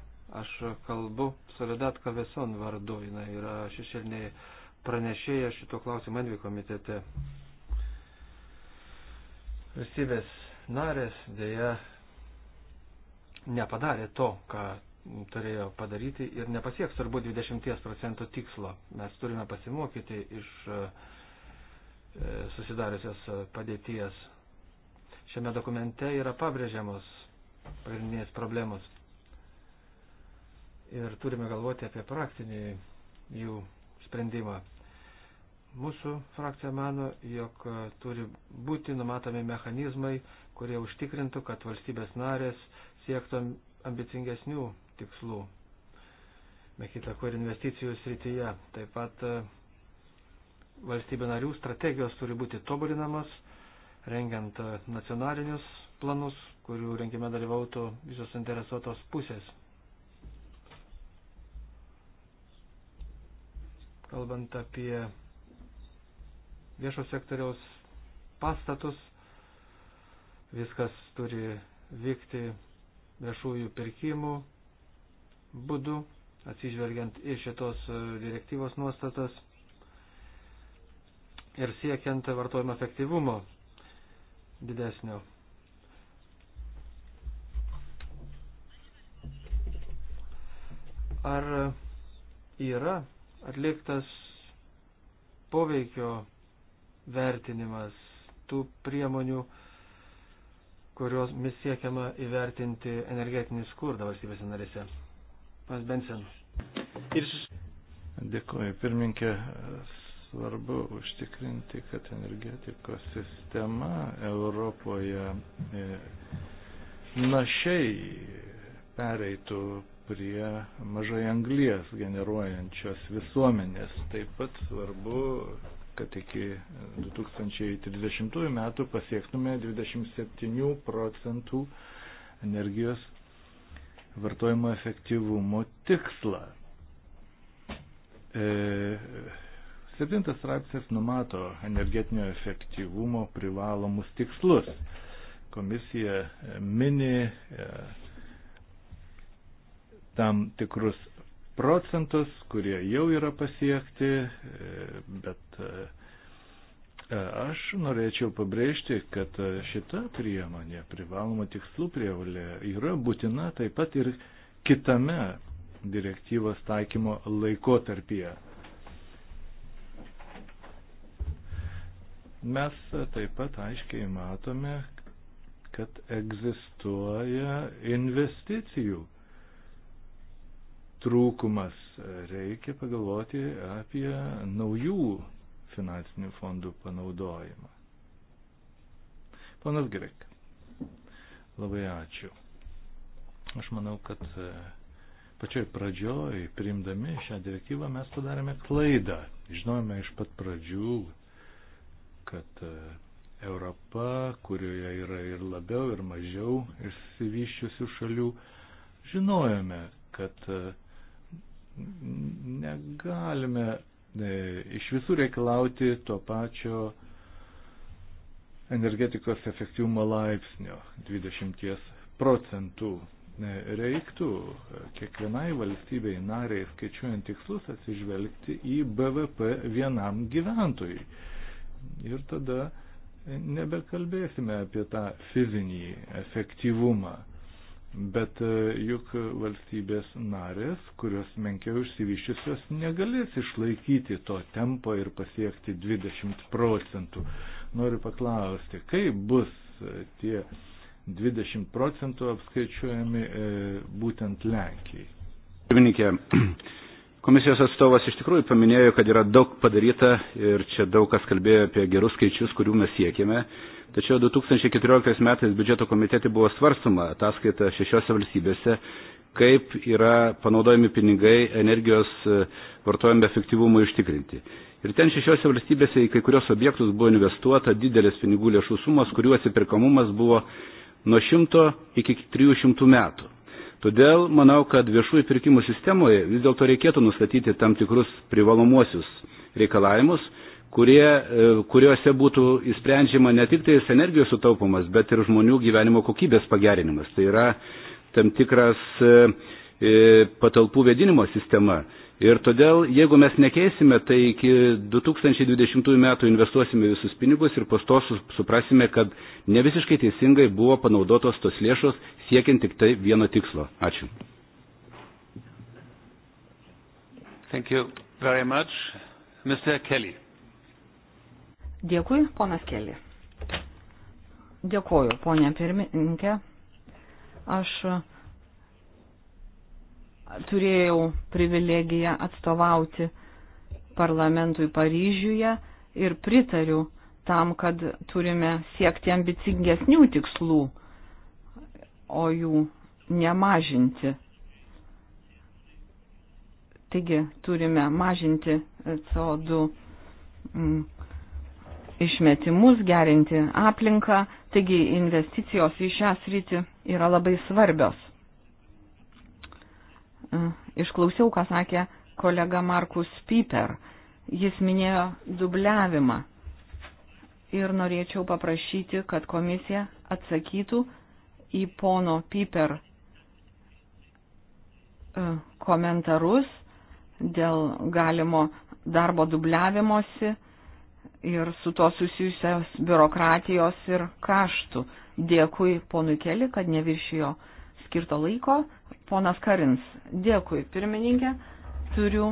aš kalbu Soledat Kaveson vardu, jinai yra šešėlinė pranešėja šito klausimo Envi komitete. Valstybės narės dėja nepadarė to, ką turėjo padaryti ir nepasieks turbūt 20 procentų tikslo. Mes turime pasimokyti iš e, e, susidariusios padėties. Šiame dokumente yra pabrėžiamos pagrindinės problemos ir turime galvoti apie praktinį jų sprendimą. Mūsų frakcija mano, jog turi būti numatomi mechanizmai kurie užtikrintų, kad valstybės narės siektų ambicingesnių tikslų, be kita kur investicijų srityje. Taip pat e, valstybė narių strategijos turi būti tobulinamos, rengiant e, nacionalinius planus, kurių rengime dalyvautų visos interesuotos pusės. Kalbant apie viešo sektoriaus pastatus, viskas turi vykti viešųjų pirkimų būdu, atsižvelgiant į šitos e, direktyvos nuostatas ir siekiant vartojimo efektyvumo didesnio. Ar yra atliktas poveikio vertinimas tų priemonių, kurios mes siekiama įvertinti energetinį skurdą valstybėse narėse. Pas Bensen. Ir... Dėkuoju, pirmininkė. Svarbu užtikrinti, kad energetikos sistema Europoje e, našiai pereitų prie mažai anglijas generuojančios visuomenės. Taip pat svarbu kad iki 2030 e, metų pasiektume 27 procentų energijos vartojimo efektyvumo tikslą. E, septintas straipsnis numato energetinio efektyvumo privalomus tikslus. Komisija e, mini e, tam tikrus procentus, kurie jau yra pasiekti, e, bet e, e, aš norėčiau pabrėžti, kad šita priemonė, privaloma tikslų prievalė, yra būtina taip pat ir kitame direktyvos taikymo laikotarpyje. Mes taip pat aiškiai matome, kad egzistuoja investicijų trūkumas. Reikia pagalvoti apie naujų finansinių fondų panaudojimą. Ponas Grek, labai ačiū. Aš manau, kad e, pačioj pradžioj, priimdami šią direktyvą, mes padarėme klaidą. Žinojome iš pat pradžių, kad e, Europa, kurioje yra ir labiau, ir mažiau išsivyščiusių šalių, žinojome, kad e, Negalime e, iš visų reikalauti to pačio energetikos efektyvumo laipsnio 20 procentų. E, reiktų e, kiekvienai valstybei nariai skaičiuojant tikslus atsižvelgti į BVP vienam gyventojui. Ir tada nebekalbėsime apie tą fizinį efektyvumą. Bet e, juk valstybės narės, kurios menkiau išsivyščiusios, negalės išlaikyti to tempo ir pasiekti 20 procentų. Noriu paklausti, kaip bus e, tie 20 procentų apskaičiuojami e, būtent Lenkijai? Pirmininkė, komisijos atstovas iš tikrųjų paminėjo, kad yra daug padaryta ir čia daug kas kalbėjo apie gerus skaičius, kurių mes siekime. Tačiau 2014 metais biudžeto komitete buvo svarstama ataskaita šešiose valstybėse, kaip yra panaudojami pinigai energijos e, vartojimo efektyvumui ištikrinti. Ir ten šešiose valstybėse į kai kurios objektus buvo investuota didelės pinigų lėšų sumos, kurių atsipirkamumas buvo nuo 100 iki 300 metų. Todėl manau, kad viešųjų pirkimų sistemoje vis dėlto reikėtų nustatyti tam tikrus privalomuosius reikalavimus, kurie, e, kuriuose būtų įsprendžiama ne tik tais energijos sutaupumas, bet ir žmonių gyvenimo kokybės pagerinimas. Tai yra tam tikras e, e, patalpų vėdinimo sistema. Ir todėl, jeigu mes nekeisime, tai iki 2020 metų investuosime visus pinigus ir po to suprasime, kad ne visiškai teisingai buvo panaudotos tos lėšos siekiant tik tai vieno tikslo. Ačiū. Thank you very much. Mr. Kelly. Dėkui, ponas Keli. Dėkuoju, ponė pirmininkė. Aš turėjau privilegiją atstovauti parlamentui Paryžiuje ir pritariu tam, kad turime siekti ambicingesnių tikslų, o jų nemažinti. Taigi turime mažinti CO2 išmetimus, gerinti aplinką, taigi investicijos į šią sritį yra labai svarbios. E, išklausiau, ką sakė kolega Markus Piper. Jis minėjo dubliavimą. Ir norėčiau paprašyti, kad komisija atsakytų į pono Piper e, komentarus dėl galimo darbo dubliavimosi ir su to susijusios biurokratijos ir kaštų. Dėkui ponui Keli, kad neviršijo skirto laiko. Ponas Karins, dėkui pirmininkė, turiu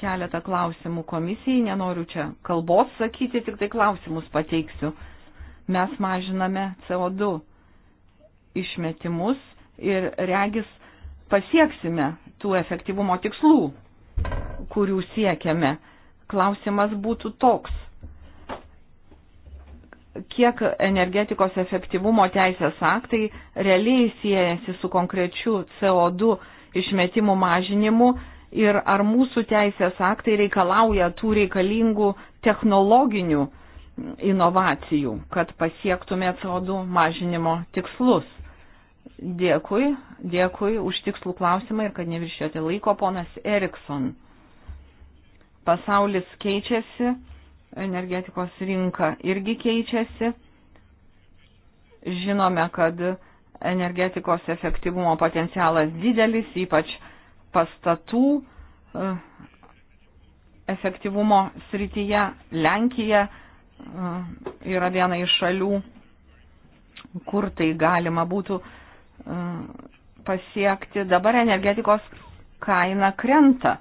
keletą klausimų komisijai, nenoriu čia kalbos sakyti, tik tai klausimus pateiksiu. Mes mažiname CO2 išmetimus ir regis pasieksime tų efektyvumo tikslų, kurių siekiame. Klausimas būtų toks, kiek energetikos efektyvumo teisės aktai realiai siejasi su konkrečiu CO2 išmetimų mažinimu ir ar mūsų teisės aktai reikalauja tų reikalingų technologinių inovacijų, kad pasiektume CO2 mažinimo tikslus. Dėkui, dėkui už tikslų klausimą ir kad neviršijote laiko, ponas Erikson. Pasaulis keičiasi energetikos rinka irgi keičiasi. Žinome, kad energetikos efektyvumo potencialas didelis, ypač pastatų e, efektyvumo srityje. Lenkija e, yra viena iš šalių, kur tai galima būtų e, pasiekti. Dabar energetikos kaina krenta.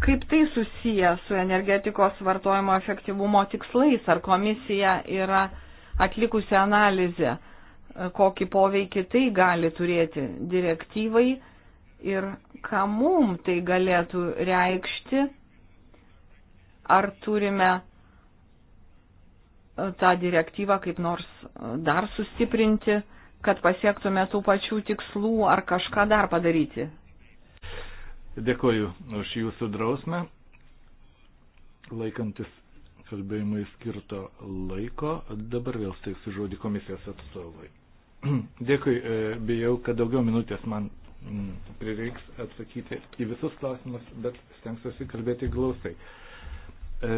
Kaip tai susiję su energetikos vartojimo efektyvumo tikslais? Ar komisija yra atlikusi analizę, e, kokį poveikį tai gali turėti direktyvai ir ką mum tai galėtų reikšti? Ar turime e, tą direktyvą kaip nors e, dar sustiprinti, kad pasiektume tų pačių tikslų ar kažką dar padaryti Dėkoju už jūsų drausmę, laikantis kalbėjimui skirto laiko. Dabar vėl steiksiu žodį komisijos atstovui. Dėkui, e, bijau, kad daugiau minutės man mm, prireiks atsakyti į visus klausimus, bet stengsiuosi kalbėti glaustai. E,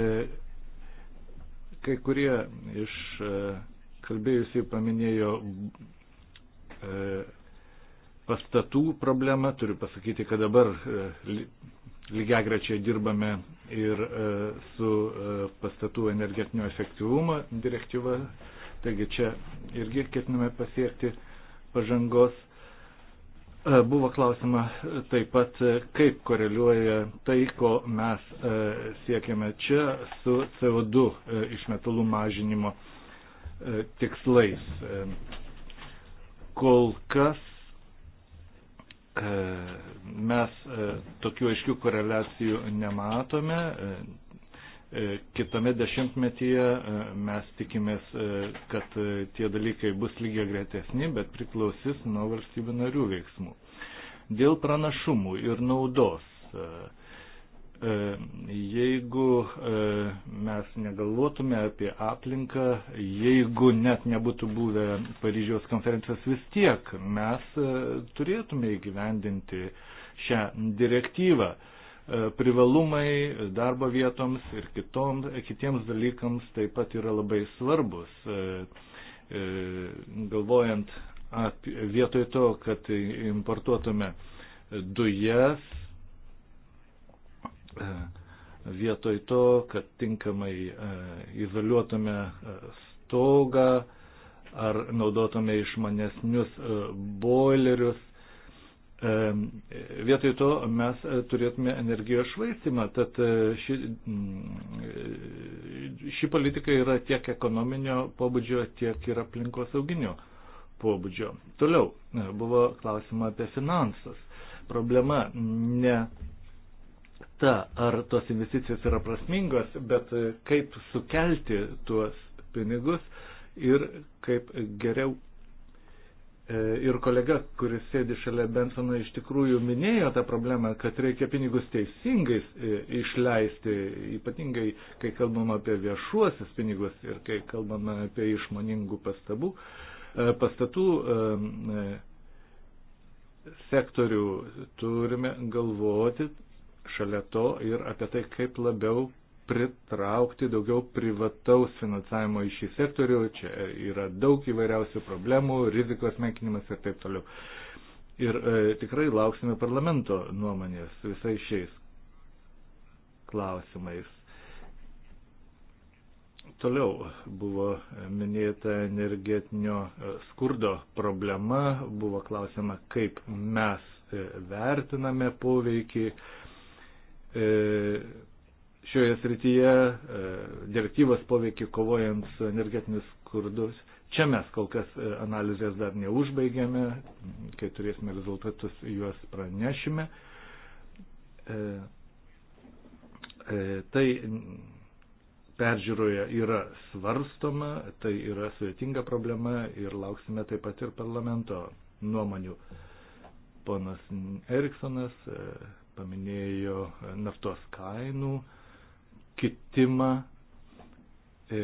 kai kurie iš e, kalbėjusių paminėjo pastatų problemą. Turiu pasakyti, kad dabar e, lygiagrečiai dirbame ir e, su e, pastatų energetinio efektyvumo direktyva. Taigi čia irgi ketiname pasiekti pažangos. Buvo klausima taip pat, kaip koreliuoja tai, ko mes siekiame čia su CO2 išmetalų mažinimo tikslais. Kol kas E, mes e, tokių aiškių koreliacijų nematome. E, kitame dešimtmetyje mes tikimės, kad tie dalykai bus lygiai greitesni, bet priklausys nuo valstybių narių veiksmų. Dėl pranašumų ir naudos E, jeigu e, mes negalvotume apie aplinką, jeigu net nebūtų buvę Paryžiaus konferencijos, vis tiek mes e, turėtume įgyvendinti šią direktyvą. Privalumai darbo vietoms ir kitom, kitiems dalykams taip pat yra labai svarbus. Galvojant apie, vietoj to, kad importuotume dujas, E, vietoj to, kad tinkamai e, izoliuotume e, stogą ar naudotume išmanesnius boilerius, Vietoj to mes turėtume energijos švaistimą, tad ši, ši politika yra tiek ekonominio pobūdžio, tiek ir aplinkos auginio pobūdžio. Toliau buvo klausima apie finansus. Problema ne ta, ar tos investicijos yra prasmingos, bet kaip sukelti tuos pinigus ir kaip geriau. E, ir kolega, kuris sėdi šalia Bensono, iš tikrųjų minėjo tą problemą, kad reikia pinigus teisingai e, išleisti, ypatingai kai kalbam apie viešuosius pinigus ir kai kalbam apie išmoningų pastabų, e, pastatų sektorių turime galvoti šalia to ir apie tai, kaip labiau pritraukti daugiau privataus finansavimo į šį sektorių. Čia yra daug įvairiausių problemų, rizikos menkinimas ir taip toliau. Ir e, tikrai lauksime parlamento nuomonės visais šiais klausimais. Toliau buvo minėta energetinio e, skurdo problema, buvo klausima, kaip mes e, vertiname poveikį e, E, šioje srityje, e, direktyvas poveikį kovojant su energetinis skurdus. Čia mes kol kas e, analizės dar neužbaigėme, kai turėsime rezultatus, juos pranešime. Tai peržiūroje yra svarstoma, tai yra sudėtinga problema ir lauksime taip pat ir parlamento nuomonių. Ponas Eriksonas paminėjo e, naftos kainų kitimą. E,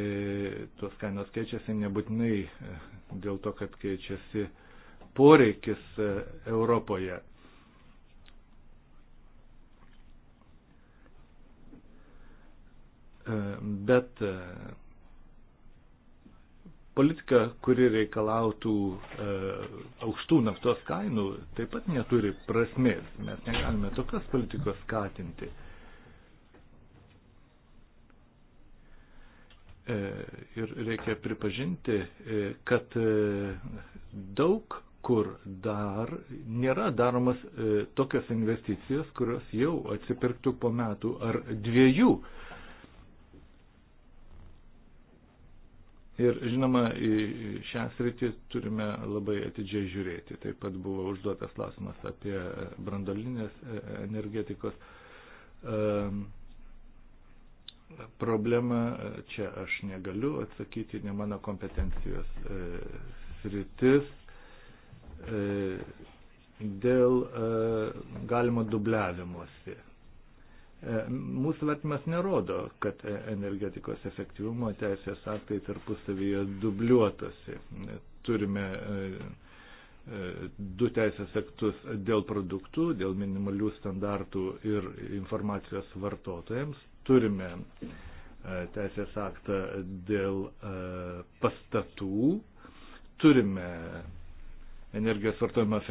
tuos kainos keičiasi nebūtinai e, dėl to, kad keičiasi poreikis e, Europoje. Bet Politika, kuri reikalautų e, aukštų naftos kainų, taip pat neturi prasmės. Mes negalime tokios politikos skatinti. E, ir reikia pripažinti, e, kad e, daug kur dar nėra daromas e, tokios investicijos, kurios jau atsipirktų po metų ar dviejų. E, Ir žinoma, į šią sritį turime labai atidžiai žiūrėti. Taip pat buvo užduotas klausimas apie e, brandolinės e, e, energetikos problemą. Čia aš negaliu atsakyti, ne mano kompetencijos sritis. Dėl galimo dubliavimuose E, mūsų vertimas nerodo, kad e, energetikos efektyvumo teisės aktai tarpusavyje dubliuotasi. E, turime du teisės aktus dėl produktų, dėl minimalių standartų ir informacijos vartotojams. Turime teisės aktą dėl pastatų. Turime energijos vartojimo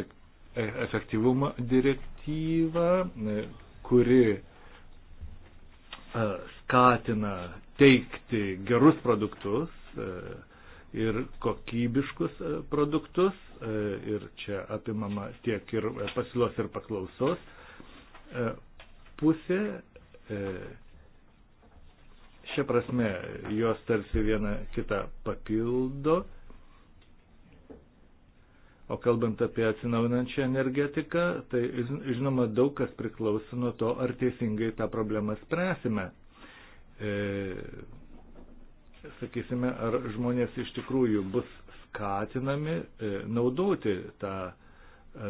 efektyvumo direktyvą, kuri E, skatina teikti gerus produktus e, ir kokybiškus e, produktus ir čia apimama tiek ir pasiūlos ir paklausos pusė. Šia prasme jos tarsi viena kitą papildo. O kalbant apie atsinaujinančią energetiką, tai žinoma daug kas priklauso nuo to, ar teisingai tą problemą spręsime. E, sakysime, ar žmonės iš tikrųjų bus skatinami e, naudoti tą e,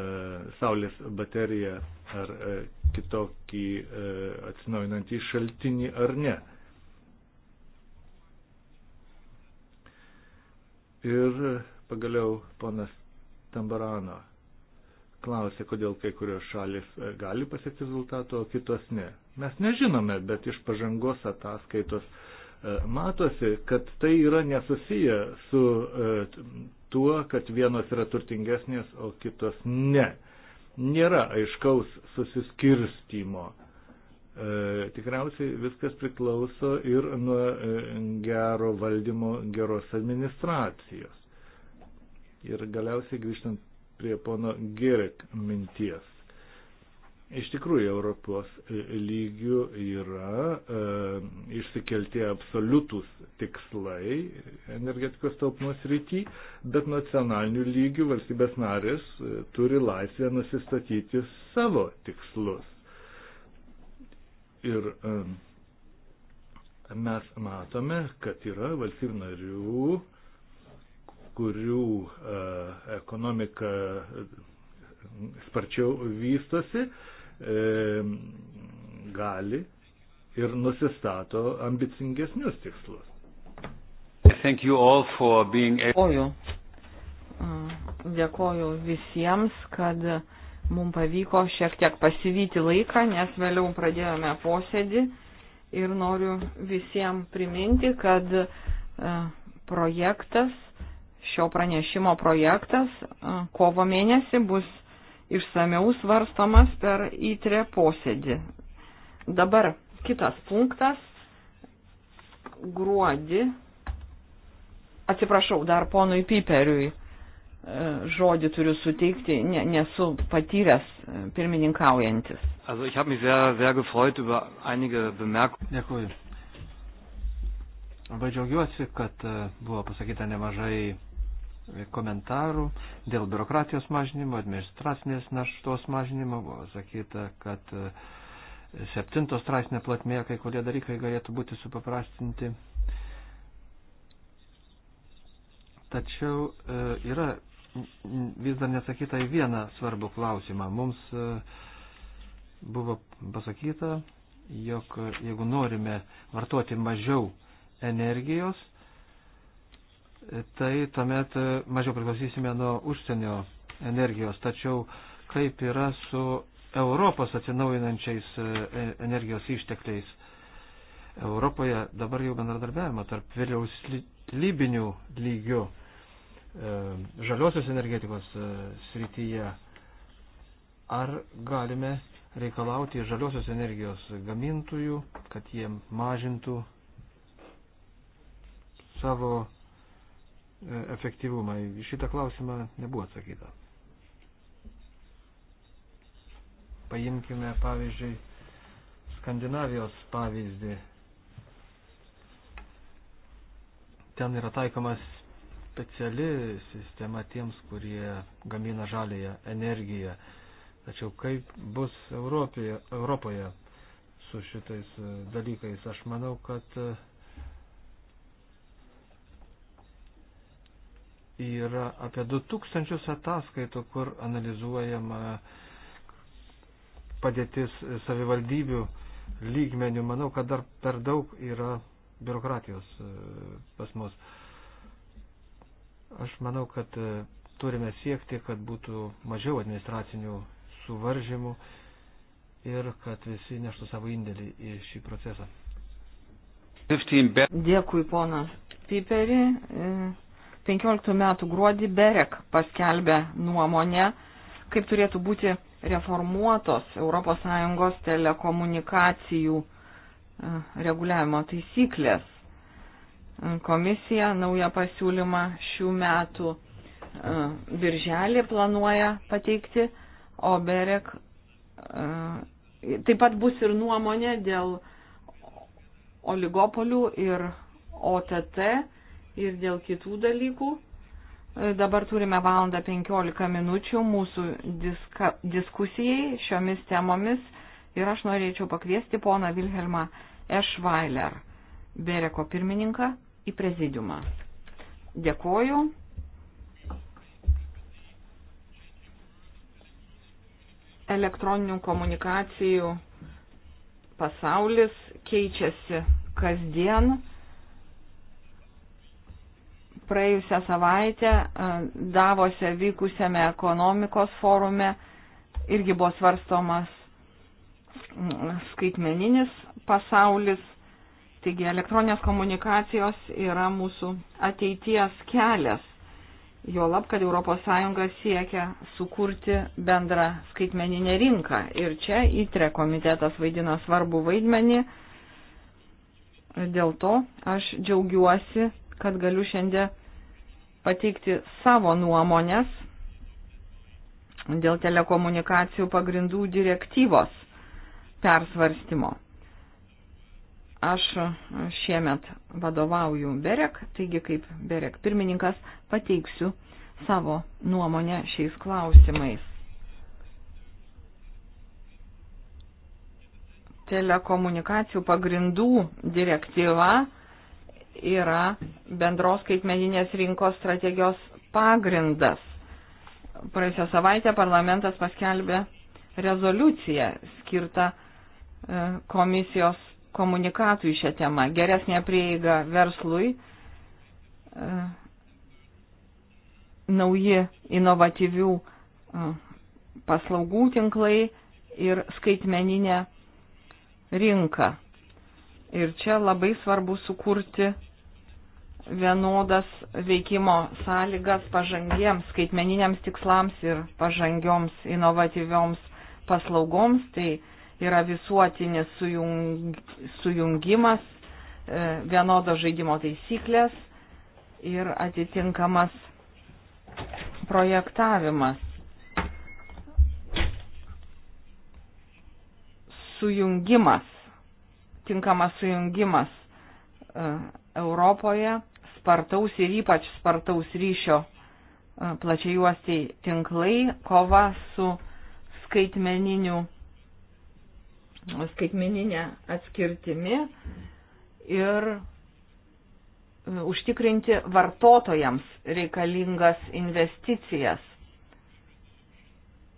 saulės bateriją ar e, kitokį e, atsinaujinantį šaltinį ar ne. Ir pagaliau ponas Tambarano klausė, kodėl kai kurios šalis e, gali pasiekti rezultato, o kitos ne. Mes nežinome, bet iš pažangos ataskaitos e, matosi, kad tai yra nesusiję su e, tuo, kad vienos yra turtingesnės, o kitos ne. Nėra aiškaus susiskirstimo. E, tikriausiai viskas priklauso ir nuo e, gero valdymo, geros administracijos. Ir galiausiai grįžtant prie pono Gerek minties. Iš tikrųjų, Europos lygių yra e, išsikelti absoliutus tikslai energetikos taupimo srity, bet nacionalinių lygių valstybės narės e, turi laisvę nusistatyti savo tikslus. Ir e, mes matome, kad yra valstybių narių, kurių e, ekonomika e, sparčiau vystosi, e, gali ir nusistato ambicingesnius tikslus. Being... Dėkoju. Dėkoju visiems, kad mums pavyko šiek tiek pasivyti laiką, nes vėliau pradėjome posėdį ir noriu visiems priminti, kad projektas šio pranešimo projektas kovo mėnesį bus išsameu svarstomas per įtrę e posėdį. Dabar kitas punktas. Gruodį. Atsiprašau, dar ponui Piperiui žodį turiu suteikti, ne, nesu patyręs pirmininkaujantis. Also, ich habe mich sehr, sehr gefreut über einige Bemerkungen. Dėkui. Labai džiaugiuosi, kad buvo pasakyta nemažai komentarų dėl biurokratijos mažinimo, administracinės naštos mažinimo. Buvo sakyta, kad e, septinto straipsnio platmėje kai kurie dalykai galėtų būti supaprastinti. Tačiau e, yra vis dar nesakyta į vieną svarbų klausimą. Mums e, buvo pasakyta, jog jeigu norime vartoti mažiau energijos, tai tuomet e, mažiau priklausysime nuo užsienio energijos. Tačiau kaip yra su Europos atsinaujinančiais e, e, energijos ištekliais? Europoje dabar jau bendradarbiavimo tarp vyriausybinių lygių žaliosios energetikos srityje. Ar galime reikalauti žaliosios energijos gamintojų, kad jie mažintų savo E, efektyvumą. Šitą klausimą nebuvo atsakyta. Paimkime pavyzdžiui Skandinavijos pavyzdį. Ten yra taikomas speciali sistema tiems, kurie gamina žalėją energiją. Tačiau kaip bus Europėje, Europoje su šitais e, dalykais, aš manau, kad uh, yra apie 2000 ataskaitų, kur analizuojama padėtis savivaldybių lygmenių. Manau, kad dar per daug yra biurokratijos e, pas mus. Aš manau, kad e, turime siekti, kad būtų mažiau administracinių suvaržymų ir kad visi neštų savo indėlį į šį procesą. Dėkui, ponas Piperi. E, 15 metų gruodį Berek paskelbė nuomonę, kaip turėtų būti reformuotos ES telekomunikacijų e, reguliavimo taisyklės. Komisija naują pasiūlymą šių metų e, birželį planuoja pateikti, o Berek e, taip pat bus ir nuomonė dėl oligopolių ir OTT ir dėl kitų dalykų. E, dabar turime valandą 15 minučių mūsų diska, diskusijai šiomis temomis ir aš norėčiau pakviesti poną Vilhelmą Ešvailer, Bereko pirmininką, į prezidiumą. Dėkoju. Elektroninių komunikacijų pasaulis keičiasi kasdien praėjusią savaitę e, Davose vykusiame ekonomikos forume irgi buvo svarstomas skaitmeninis pasaulis. Taigi elektroninės komunikacijos yra mūsų ateities kelias. Jo lab, kad ES siekia sukurti bendrą skaitmeninę rinką. Ir čia ITRE komitetas vaidina svarbu vaidmenį. Dėl to aš džiaugiuosi kad galiu šiandien pateikti savo nuomonės dėl telekomunikacijų pagrindų direktyvos persvarstymo. Aš šiemet vadovauju BEREK, taigi kaip BEREK pirmininkas pateiksiu savo nuomonę šiais klausimais. Telekomunikacijų pagrindų direktyva yra bendros skaitmeninės rinkos strategijos pagrindas. Praėjusią savaitę parlamentas paskelbė rezoliuciją skirtą e, komisijos komunikatui šią temą. Geresnė prieiga verslui, e, nauji inovatyvių e, paslaugų tinklai ir skaitmeninė rinka. Ir čia labai svarbu sukurti vienodas veikimo sąlygas pažangiems skaitmeniniams tikslams ir pažangioms inovatyvioms paslaugoms. Tai yra visuotinis sujung, sujungimas, e, vienodo žaidimo taisyklės ir atitinkamas projektavimas. Sujungimas tinkamas sujungimas e, Europoje spartaus ir ypač spartaus ryšio e, plačiai juostiai tinklai, kova su skaitmeniniu, skaitmeninė atskirtimi ir e, užtikrinti vartotojams reikalingas investicijas.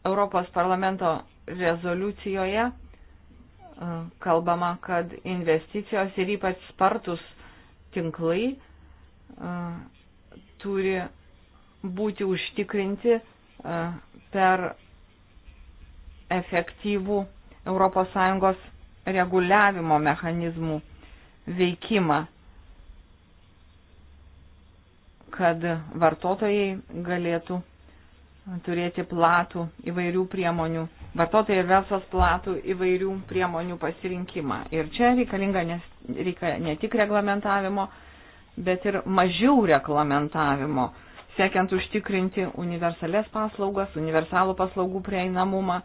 Europos parlamento rezoliucijoje E, kalbama, kad investicijos ir ypač spartus tinklai e, turi būti užtikrinti e, per efektyvų ES reguliavimo mechanizmų veikimą, kad vartotojai galėtų turėti platų įvairių priemonių, vartotojai ir verslas platų įvairių priemonių pasirinkimą. Ir čia reikalinga ne, reika ne tik reglamentavimo, bet ir mažiau reglamentavimo, siekiant užtikrinti universales paslaugas, universalų paslaugų prieinamumą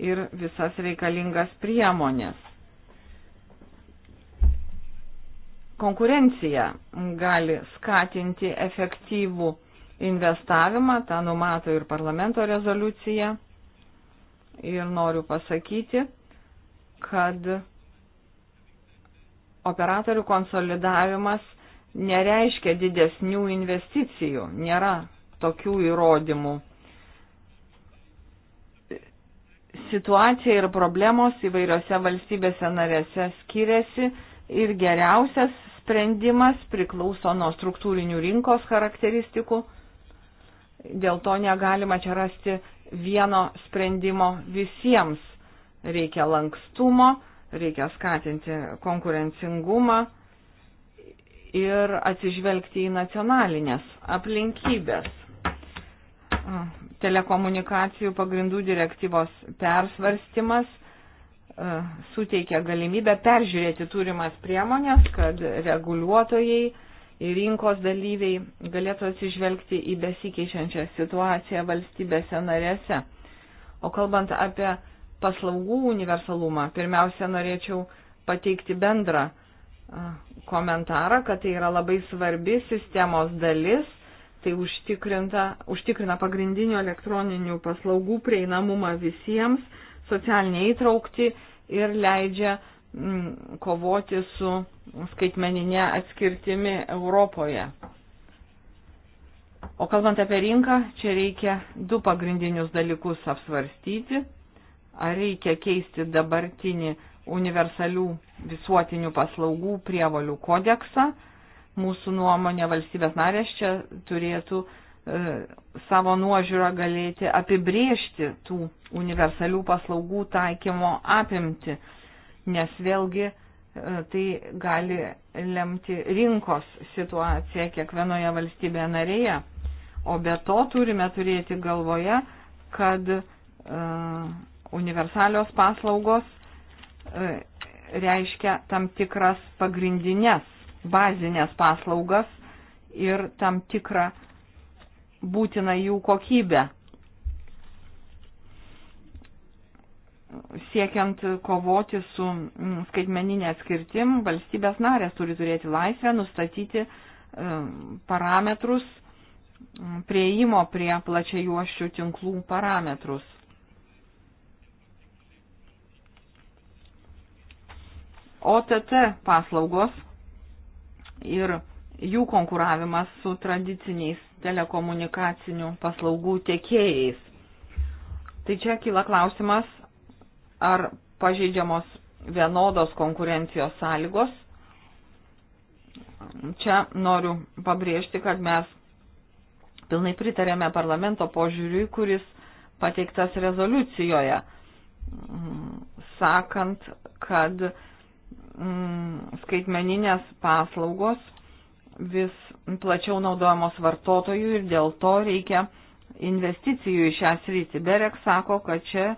ir visas reikalingas priemonės. Konkurencija gali skatinti efektyvų investavimą, tą numato ir parlamento rezoliucija. Ir noriu pasakyti, kad operatorių konsolidavimas nereiškia didesnių investicijų, nėra tokių įrodymų. Situacija ir problemos įvairiose valstybėse narėse skiriasi ir geriausias sprendimas priklauso nuo struktūrinių rinkos charakteristikų dėl to negalima čia rasti vieno sprendimo visiems. Reikia lankstumo, reikia skatinti konkurencingumą ir atsižvelgti į nacionalinės aplinkybės. Telekomunikacijų pagrindų direktyvos persvarstymas e, suteikia galimybę peržiūrėti turimas priemonės, kad reguliuotojai rinkos dalyviai galėtų atsižvelgti į besikeičiančią situaciją valstybėse narėse. O kalbant apie paslaugų universalumą, pirmiausia, norėčiau pateikti bendrą komentarą, kad tai yra labai svarbi sistemos dalis, tai užtikrina pagrindinių elektroninių paslaugų prieinamumą visiems, socialinį įtraukti ir leidžia uh, Mm, kovoti su skaitmeninė atskirtimi Europoje. O kalbant apie rinką, čia reikia du pagrindinius dalykus apsvarstyti. Ar reikia keisti dabartinį universalių visuotinių paslaugų prievalių kodeksą. Mūsų nuomonė valstybės narės čia turėtų e, savo nuožiūrą galėti apibriežti tų universalių paslaugų taikymo apimti nes vėlgi e, tai gali lemti rinkos situaciją kiekvienoje valstybėje narėje. O be to turime turėti galvoje, kad e, universalios paslaugos e, reiškia tam tikras pagrindinės, bazinės paslaugas ir tam tikrą būtiną jų kokybę. siekiant kovoti su mm, skaitmeninė atskirtim, valstybės narės turi turėti laisvę nustatyti parametrus, mm, prieimo prie plačiai juoščių tinklų parametrus. OTT paslaugos ir jų konkuravimas su tradiciniais telekomunikacinių paslaugų tiekėjais. Tai čia kyla klausimas, ar pažeidžiamos vienodos konkurencijos sąlygos. Čia noriu pabrėžti, kad mes pilnai pritarėme parlamento požiūriui, kuris pateiktas rezoliucijoje, sakant, kad mm, skaitmeninės paslaugos vis plačiau naudojamos vartotojų ir dėl to reikia investicijų į šią sritį. Berek sako, kad čia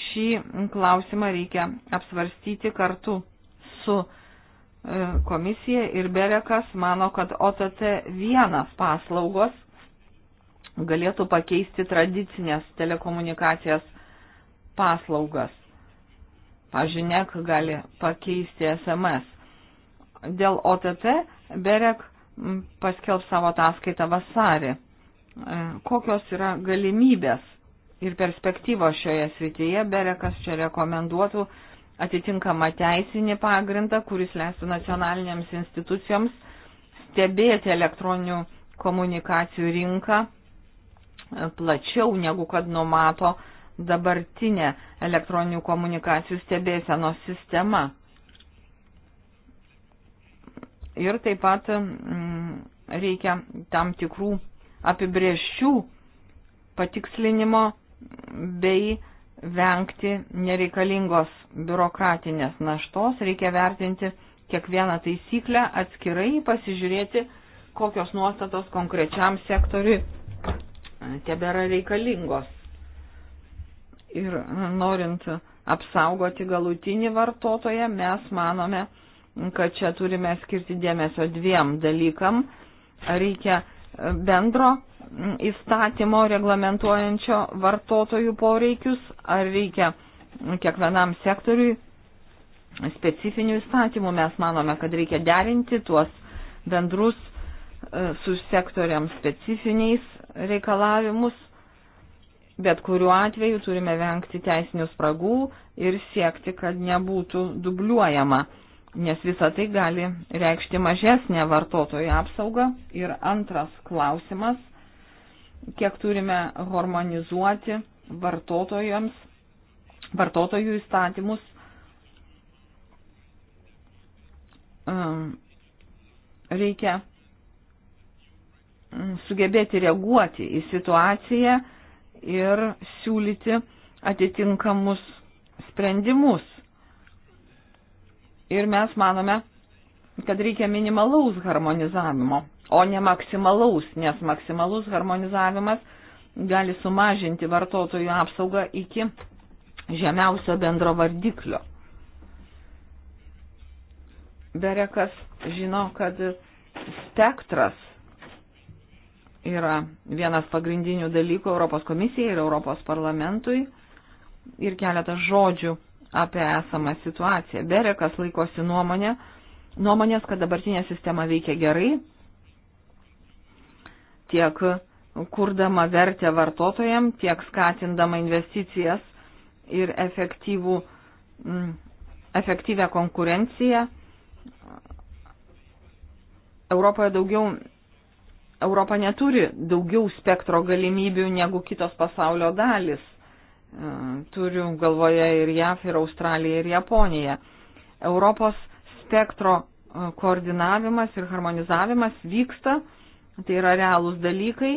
šį klausimą reikia apsvarstyti kartu su e, komisija ir Berekas mano, kad OTC vienas paslaugos galėtų pakeisti tradicinės telekomunikacijas paslaugas. Pavyzdžiui, NEC gali pakeisti SMS. Dėl OTT Berek paskelb savo ataskaitą vasarį. E, kokios yra galimybės ir perspektyvos šioje srityje. Berekas čia rekomenduotų atitinkamą teisinį pagrindą, kuris leistų nacionalinėms institucijoms stebėti elektroninių komunikacijų rinką e, plačiau negu kad numato dabartinė elektroninių komunikacijų stebėsenos sistema. Ir taip pat mm, reikia tam tikrų apibrieščių patikslinimo bei vengti nereikalingos biurokratinės naštos, reikia vertinti kiekvieną taisyklę atskirai, pasižiūrėti, kokios nuostatos konkrečiam sektoriui tebėra reikalingos. Ir norint apsaugoti galutinį vartotoją, mes manome, kad čia turime skirti dėmesio dviem dalykam. Reikia bendro įstatymo reglamentuojančio vartotojų poreikius, ar reikia kiekvienam sektoriui specifinių įstatymų. Mes manome, kad reikia derinti tuos bendrus e, su sektoriams specifiniais reikalavimus, bet kuriuo atveju turime vengti teisinių spragų ir siekti, kad nebūtų dubliuojama, nes visa tai gali reikšti mažesnę vartotojų apsaugą. Ir antras klausimas kiek turime harmonizuoti vartotojams, vartotojų įstatymus. Reikia mm, sugebėti reaguoti į situaciją ir siūlyti atitinkamus sprendimus. Ir mes manome, kad reikia minimalaus harmonizavimo, o ne maksimalaus, nes maksimalus harmonizavimas gali sumažinti vartotojų apsaugą iki žemiausio bendro vardiklio. Berekas žino, kad spektras yra vienas pagrindinių dalykų Europos komisijai ir Europos parlamentui ir keletas žodžių apie esamą situaciją. Berekas laikosi nuomonę, nuomonės, kad dabartinė sistema veikia gerai, tiek kurdama vertę vartotojam, tiek skatindama investicijas ir efektyvų, m, mm, efektyvę konkurenciją. Europoje daugiau, Europa neturi daugiau spektro galimybių negu kitos pasaulio dalis. E, turiu galvoje ir JAF, ir Australiją, ir Japoniją. Europos spektro e, koordinavimas ir harmonizavimas vyksta, tai yra realūs dalykai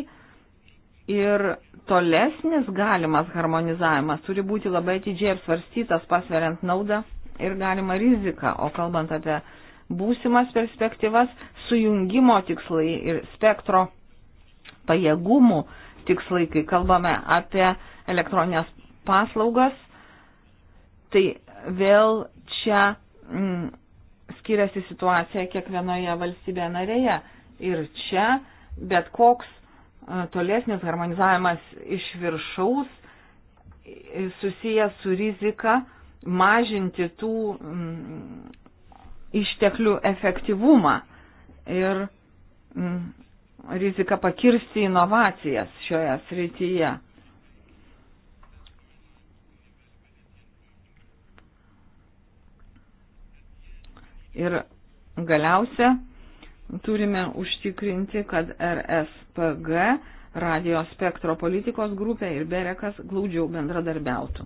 ir tolesnis galimas harmonizavimas turi būti labai atidžiai apsvarstytas pasveriant naudą ir galimą riziką, o kalbant apie būsimas perspektyvas, sujungimo tikslai ir spektro pajėgumų tikslai, kai kalbame apie elektroninės paslaugas, tai vėl čia mm, skiriasi situacija kiekvienoje valstybėje narėje. Ir čia bet koks e, tolesnis harmonizavimas iš viršaus e, susijęs su rizika mažinti tų m, išteklių efektyvumą ir m, rizika pakirsti inovacijas šioje srityje. Ir galiausia, turime užtikrinti, kad RSPG, radio spektro politikos grupė ir Berekas glaudžiau bendradarbiautų.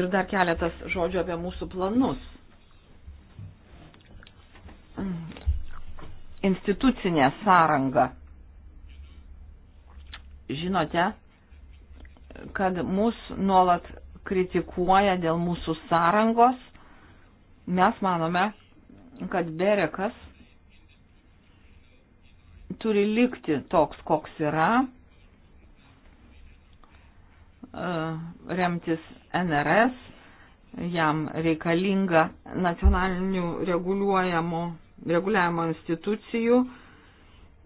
Ir dar keletas žodžių apie mūsų planus. Institucinė sąranga. Žinote, kad mus nuolat kritikuoja dėl mūsų sąrangos. Mes manome, kad Berekas turi likti toks, koks yra, e, remtis NRS, jam reikalinga nacionalinių reguliuojamo, reguliavimo institucijų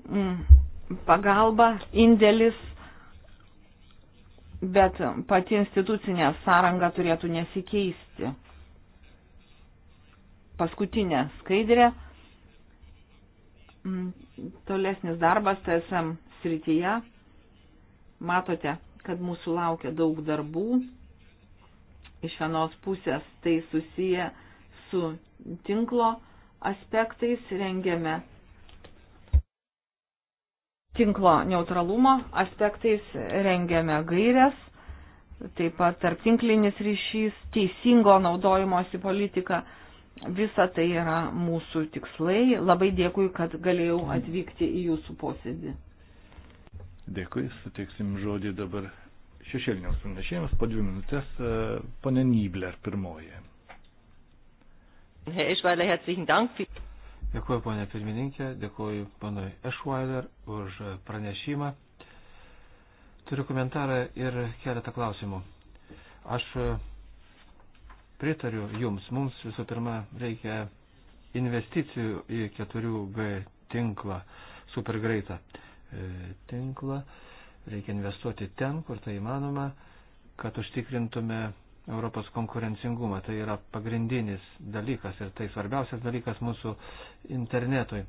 mm, pagalba, indėlis bet pati institucinė sąranga turėtų nesikeisti. Paskutinė skaidrė. Mm, tolesnis darbas TSM srityje. Matote, kad mūsų laukia daug darbų. Iš vienos pusės tai susiję su tinklo aspektais rengiame tinklo neutralumo aspektais rengiame gairias, taip pat tarptinklinis ryšys, teisingo naudojimosi politika. Visa tai yra mūsų tikslai. Labai dėkui, kad galėjau atvykti į jūsų posėdį. Dėkui, suteiksim žodį dabar šešėliniams pranešėjams po dvi minutės. Pane Nybler pirmoji. Herr Eschweiler, herzlichen Dank. Dėkuoju, ponė pirmininkė, dėkuoju panui Ešwailer už pranešimą. Turiu komentarą ir keletą klausimų. Aš e, pritariu Jums. Mums visų pirma reikia investicijų į 4G tinklą, supergreitą e, tinklą. Reikia investuoti ten, kur tai įmanoma, kad užtikrintume Europos konkurencingumą. Tai yra pagrindinis dalykas ir tai svarbiausias dalykas mūsų internetui.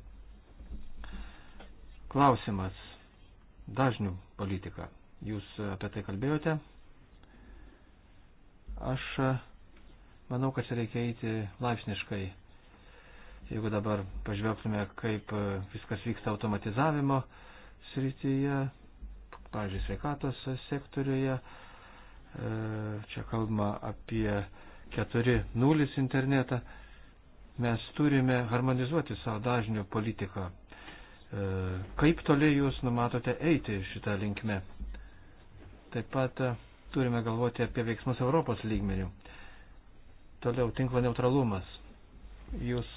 Klausimas. Dažnių politika. Jūs apie tai kalbėjote. Aš e, manau, kad čia reikia eiti laipsniškai. Jeigu dabar pažvelgtume, kaip e, viskas vyksta automatizavimo srityje, pavyzdžiui, sveikatos sektoriuje, E, čia kalbama apie 4.0 internetą, mes turime harmonizuoti savo dažnių politiką. E, kaip toliai jūs numatote eiti šitą linkmę? Taip pat e, turime galvoti apie veiksmus Europos lygmenių. Toliau tinklo neutralumas. Jūs,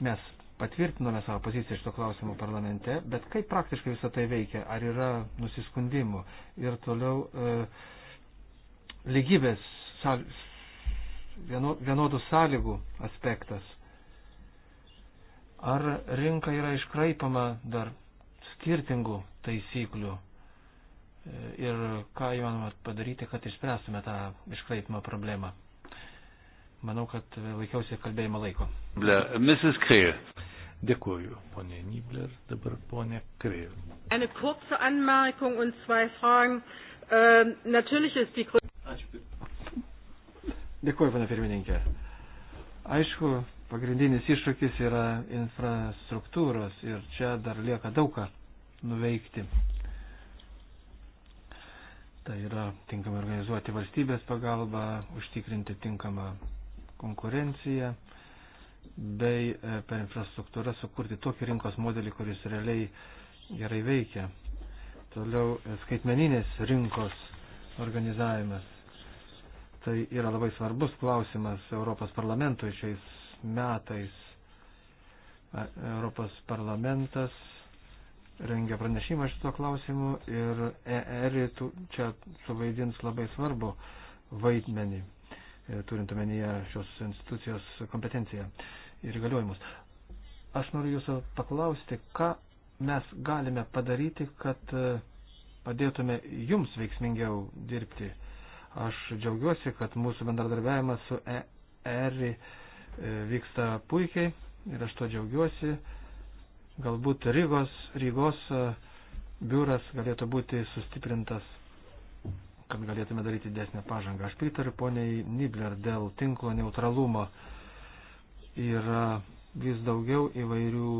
mes patvirtinome savo poziciją šito klausimo parlamente, bet kaip praktiškai visą tai veikia, ar yra nusiskundimų ir toliau e, lygybės sal, vieno, vienodų sąlygų aspektas. Ar rinka yra iškraipama dar skirtingų taisyklių e, ir ką įmanoma padaryti, kad išspręstume tą iškraipimą problemą. Manau, kad laikiausi kalbėjimo laiko. Mrs. Kreil. Dėkuoju, ponė Nibler, dabar ponė Kreil. Ähm, Dėkuoju, pana pirmininkė. Aišku, pagrindinis iššūkis yra infrastruktūros ir čia dar lieka daug ką nuveikti. Tai yra tinkamai organizuoti valstybės pagalbą, užtikrinti tinkamą konkurenciją bei e, per infrastruktūrą sukurti tokį rinkos modelį, kuris realiai gerai veikia. Toliau e, skaitmeninės rinkos organizavimas. Tai yra labai svarbus klausimas Europos parlamentui šiais metais. E, Europos parlamentas rengia pranešimą šito klausimu ir ER čia suvaidins labai svarbu vaidmenį. E, turint omenyje šios institucijos kompetenciją ir įgaliojimus. Aš noriu jūsų paklausti, ką mes galime padaryti, kad e, padėtume jums veiksmingiau dirbti. Aš džiaugiuosi, kad mūsų bendradarbiavimas su ER vyksta puikiai ir aš to džiaugiuosi. Galbūt Rygos, Rygos biuras galėtų būti sustiprintas kad galėtume daryti didesnę pažangą. Aš pritariu poniai Nibler dėl tinklo neutralumo. Yra vis daugiau įvairių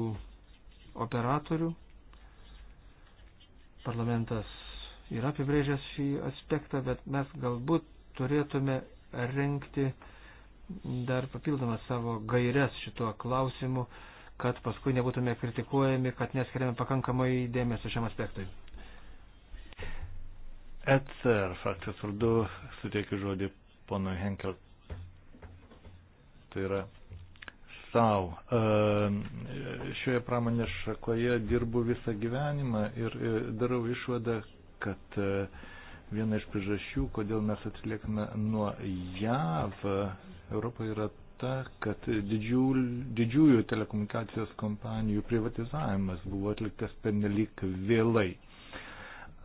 operatorių. Parlamentas yra apibrėžęs šį aspektą, bet mes galbūt turėtume renkti dar papildomą savo gairias šituo klausimu, kad paskui nebūtume kritikuojami, kad neskiriame pakankamai dėmesio šiam aspektui. ECR frakcijos vardu suteikiu žodį ponui Henkel. Tai yra savo. E, šioje pramonės šakoje dirbu visą gyvenimą ir e, darau išvadą, kad e, viena iš priežasčių, kodėl mes atsiliekame nuo JAV, Europoje yra ta, kad didžių, didžiųjų telekomunikacijos kompanijų privatizavimas buvo atliktas pernelyg vėlai.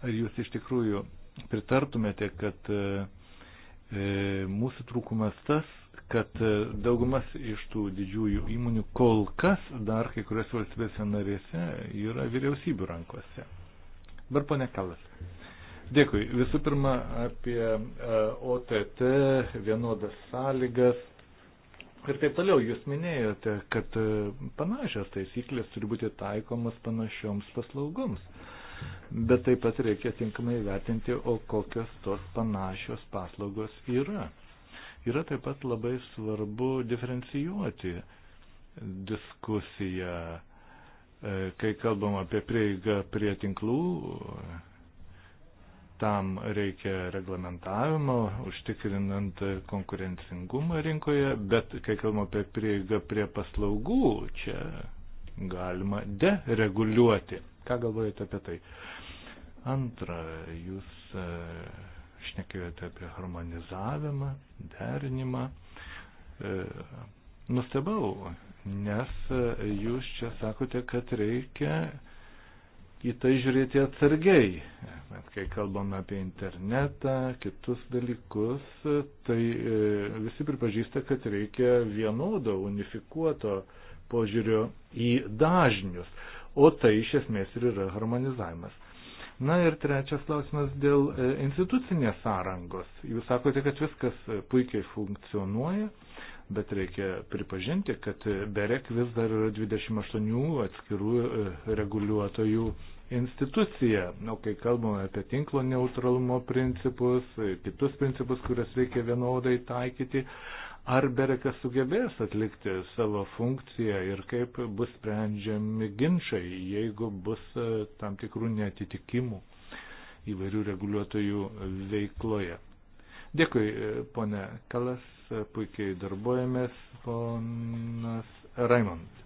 Ar jūs iš tikrųjų pritartumėte, kad e, e, mūsų trūkumas tas, kad e, daugumas iš tų didžiųjų įmonių kol kas dar kai kurios valstybėse narėse yra vyriausybių rankose. Dabar ponė Kalas. Dėkui. Visų pirma, apie OTT, vienodas sąlygas ir taip toliau. Jūs minėjote, kad panašios taisyklės turi būti taikomas panašioms paslaugoms bet taip pat reikia tinkamai vertinti, o kokios tos panašios paslaugos yra. Yra taip pat labai svarbu diferencijuoti diskusiją, e, kai kalbam apie prieigą prie tinklų, tam reikia reglamentavimo, užtikrinant konkurencingumą rinkoje, bet kai kalbam apie prieigą prie paslaugų, čia galima dereguliuoti. Ką galvojate apie tai? Antra, jūs e, šnekėjote apie harmonizavimą, derinimą. E, nustebau, nes e, jūs čia sakote, kad reikia į tai žiūrėti atsargiai. Bet kai kalbame apie internetą, kitus dalykus, tai visi pripažįsta, kad reikia vienodo, unifikuoto požiūrio į dažnius o tai iš esmės ir yra harmonizavimas. Na ir trečias klausimas dėl e, institucinės sąrangos. Jūs sakote, kad viskas e, puikiai funkcionuoja, bet reikia pripažinti, kad e, BEREK vis dar yra 28 atskirų reguliuotojų institucija. O kai kalbame apie tinklo neutralumo principus, kitus principus, kuriuos reikia vienodai taikyti, Ar Berekas sugebės atlikti savo funkciją ir kaip bus sprendžiami ginčiai, jeigu bus e, tam tikrų netitikimų įvairių reguliuotojų veikloje. Dėkui, e, ponė Kalas, e, puikiai darbuojamės, ponas Raimond.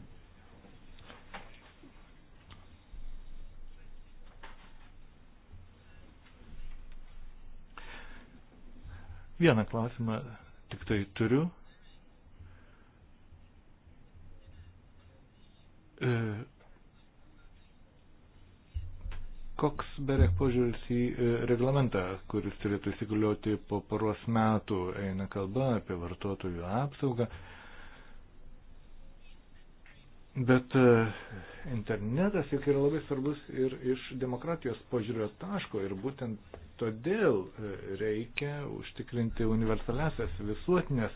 Vieną klausimą tik tai turiu. E, koks berek požiūris į e, reglamentą, kuris turėtų įsigalioti po poros metų, eina kalba apie vartotojų apsaugą. E, Bet e, internetas juk yra labai svarbus ir iš demokratijos požiūrio taško ir būtent todėl e, reikia užtikrinti universalesias visuotinės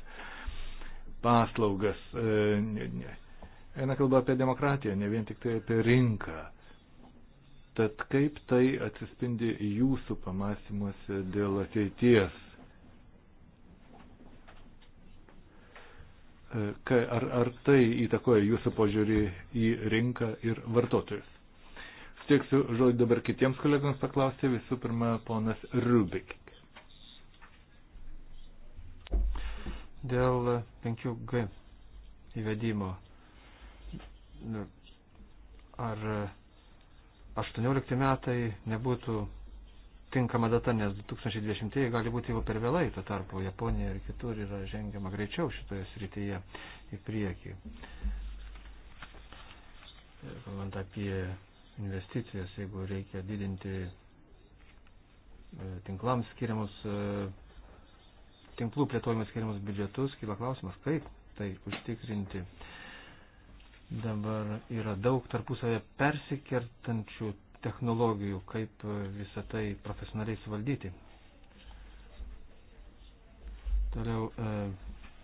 paslaugas. E, Eina kalba apie demokratiją, ne vien tik tai apie rinką. Tad kaip tai atsispindi jūsų pamastymuose dėl ateities? ar, ar tai įtakoja jūsų požiūrį į rinką ir vartotojus. Stieksiu žodį dabar kitiems kolegams paklausti, visų pirma, ponas Rubik. Dėl 5G įvedimo. Ar 18 metai nebūtų tinkama data, nes 2020 gali būti jau per vėlai, tuo tarpu Japonija ir kitur yra žengiama greičiau šitoje srityje į priekį. Kalbant apie investicijas, jeigu reikia didinti e, tinklams skiriamus, e, tinklų plėtojimus skiriamus biudžetus, kyla klausimas, kaip tai užtikrinti. Dabar yra daug tarpusavę persikertančių technologijų, kaip visą tai profesionaliai suvaldyti. Toliau e,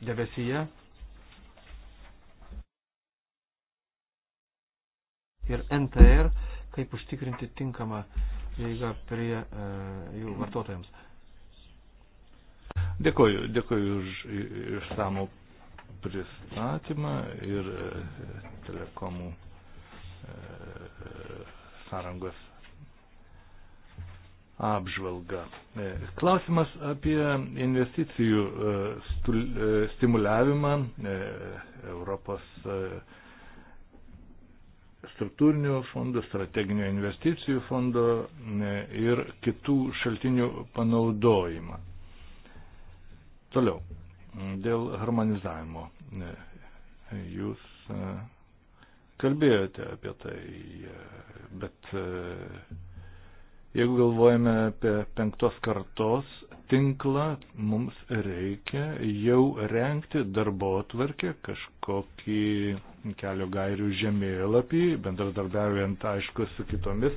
debesyje ir NTR, kaip užtikrinti tinkamą prieigą prie e, jų vartotojams. Dėkoju, dėkoju už išsamų pristatymą ir e, telekomų e, sąrangos apžvalgą. E, klausimas apie investicijų e, e, stimuliavimą Europos struktūrinių fondų, strateginio investicijų fondo ir kitų šaltinių panaudojimą. Toliau, dėl harmonizavimo. Jūs kalbėjote apie tai, e, bet e, jeigu galvojame apie penktos kartos tinklą, mums reikia jau renkti darbo atvarkę, kažkokį kelio gairių žemėlapį, bendradarbiaujant aišku su kitomis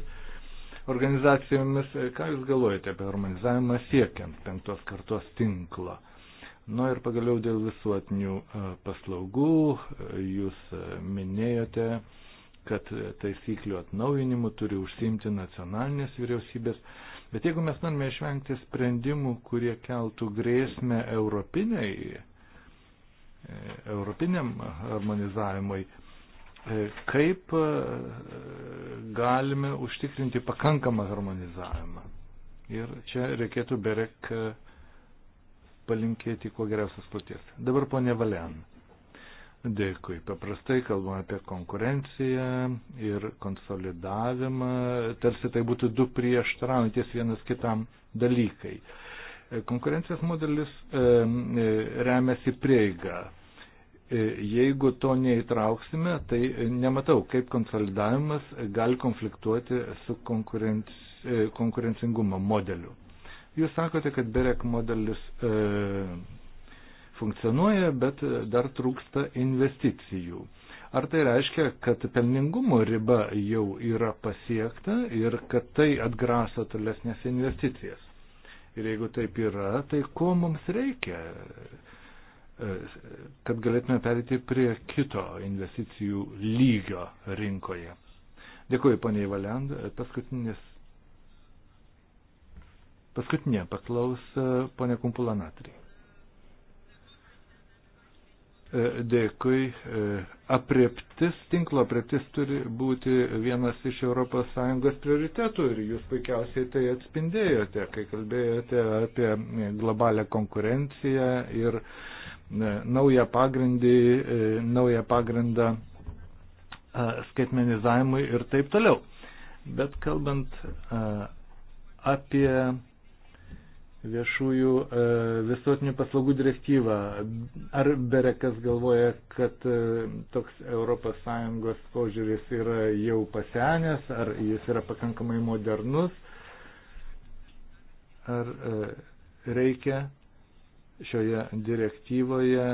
organizacijomis. Ką Jūs galvojate apie harmonizavimą siekiant penktos kartos tinklą? Nu ir pagaliau dėl visuotinių e, paslaugų, e, jūs e, minėjote, kad taisyklių atnaujinimu turi užsimti nacionalinės vyriausybės, bet jeigu mes norime išvengti sprendimų, kurie keltų grėsmę europiniai, europiniam harmonizavimui, kaip galime užtikrinti pakankamą harmonizavimą. Ir čia reikėtų berek palinkėti kuo geriausios kloties. Dabar ponė Valian. Dėkui. Paprastai kalbame apie konkurenciją ir konsolidavimą, tarsi tai būtų du prieštaraujantis vienas kitam dalykai. Konkurencijos modelis e, e remiasi prieiga. E, jeigu to neįtrauksime, tai nematau, kaip konsolidavimas gali konfliktuoti su konkurenci, e, konkurencingumo modeliu. Jūs sakote, kad BEREK modelis e, funkcionuoja, bet dar trūksta investicijų. Ar tai reiškia, kad pelningumo riba jau yra pasiekta ir kad tai atgraso tolesnės investicijas? Ir jeigu taip yra, tai ko mums reikia, e, kad galėtume perėti prie kito investicijų lygio rinkoje? Dėkuoju, poniai Valiand. Paskutinis Paskutinė paklaus ponė Kumpulanatri. E, dėkui. E, apreptis, tinklo apreptis turi būti vienas iš ES prioritetų ir jūs puikiausiai tai atspindėjote, kai kalbėjote apie globalią konkurenciją ir e, naują, pagrindį, naują pagrindą skaitmenizavimui ir taip toliau. Bet kalbant apie viešųjų e, visuotinių paslaugų direktyvą. Ar Berekas galvoja, kad e, toks ES požiūris yra jau pasenęs, ar jis yra pakankamai modernus, ar e, reikia šioje direktyvoje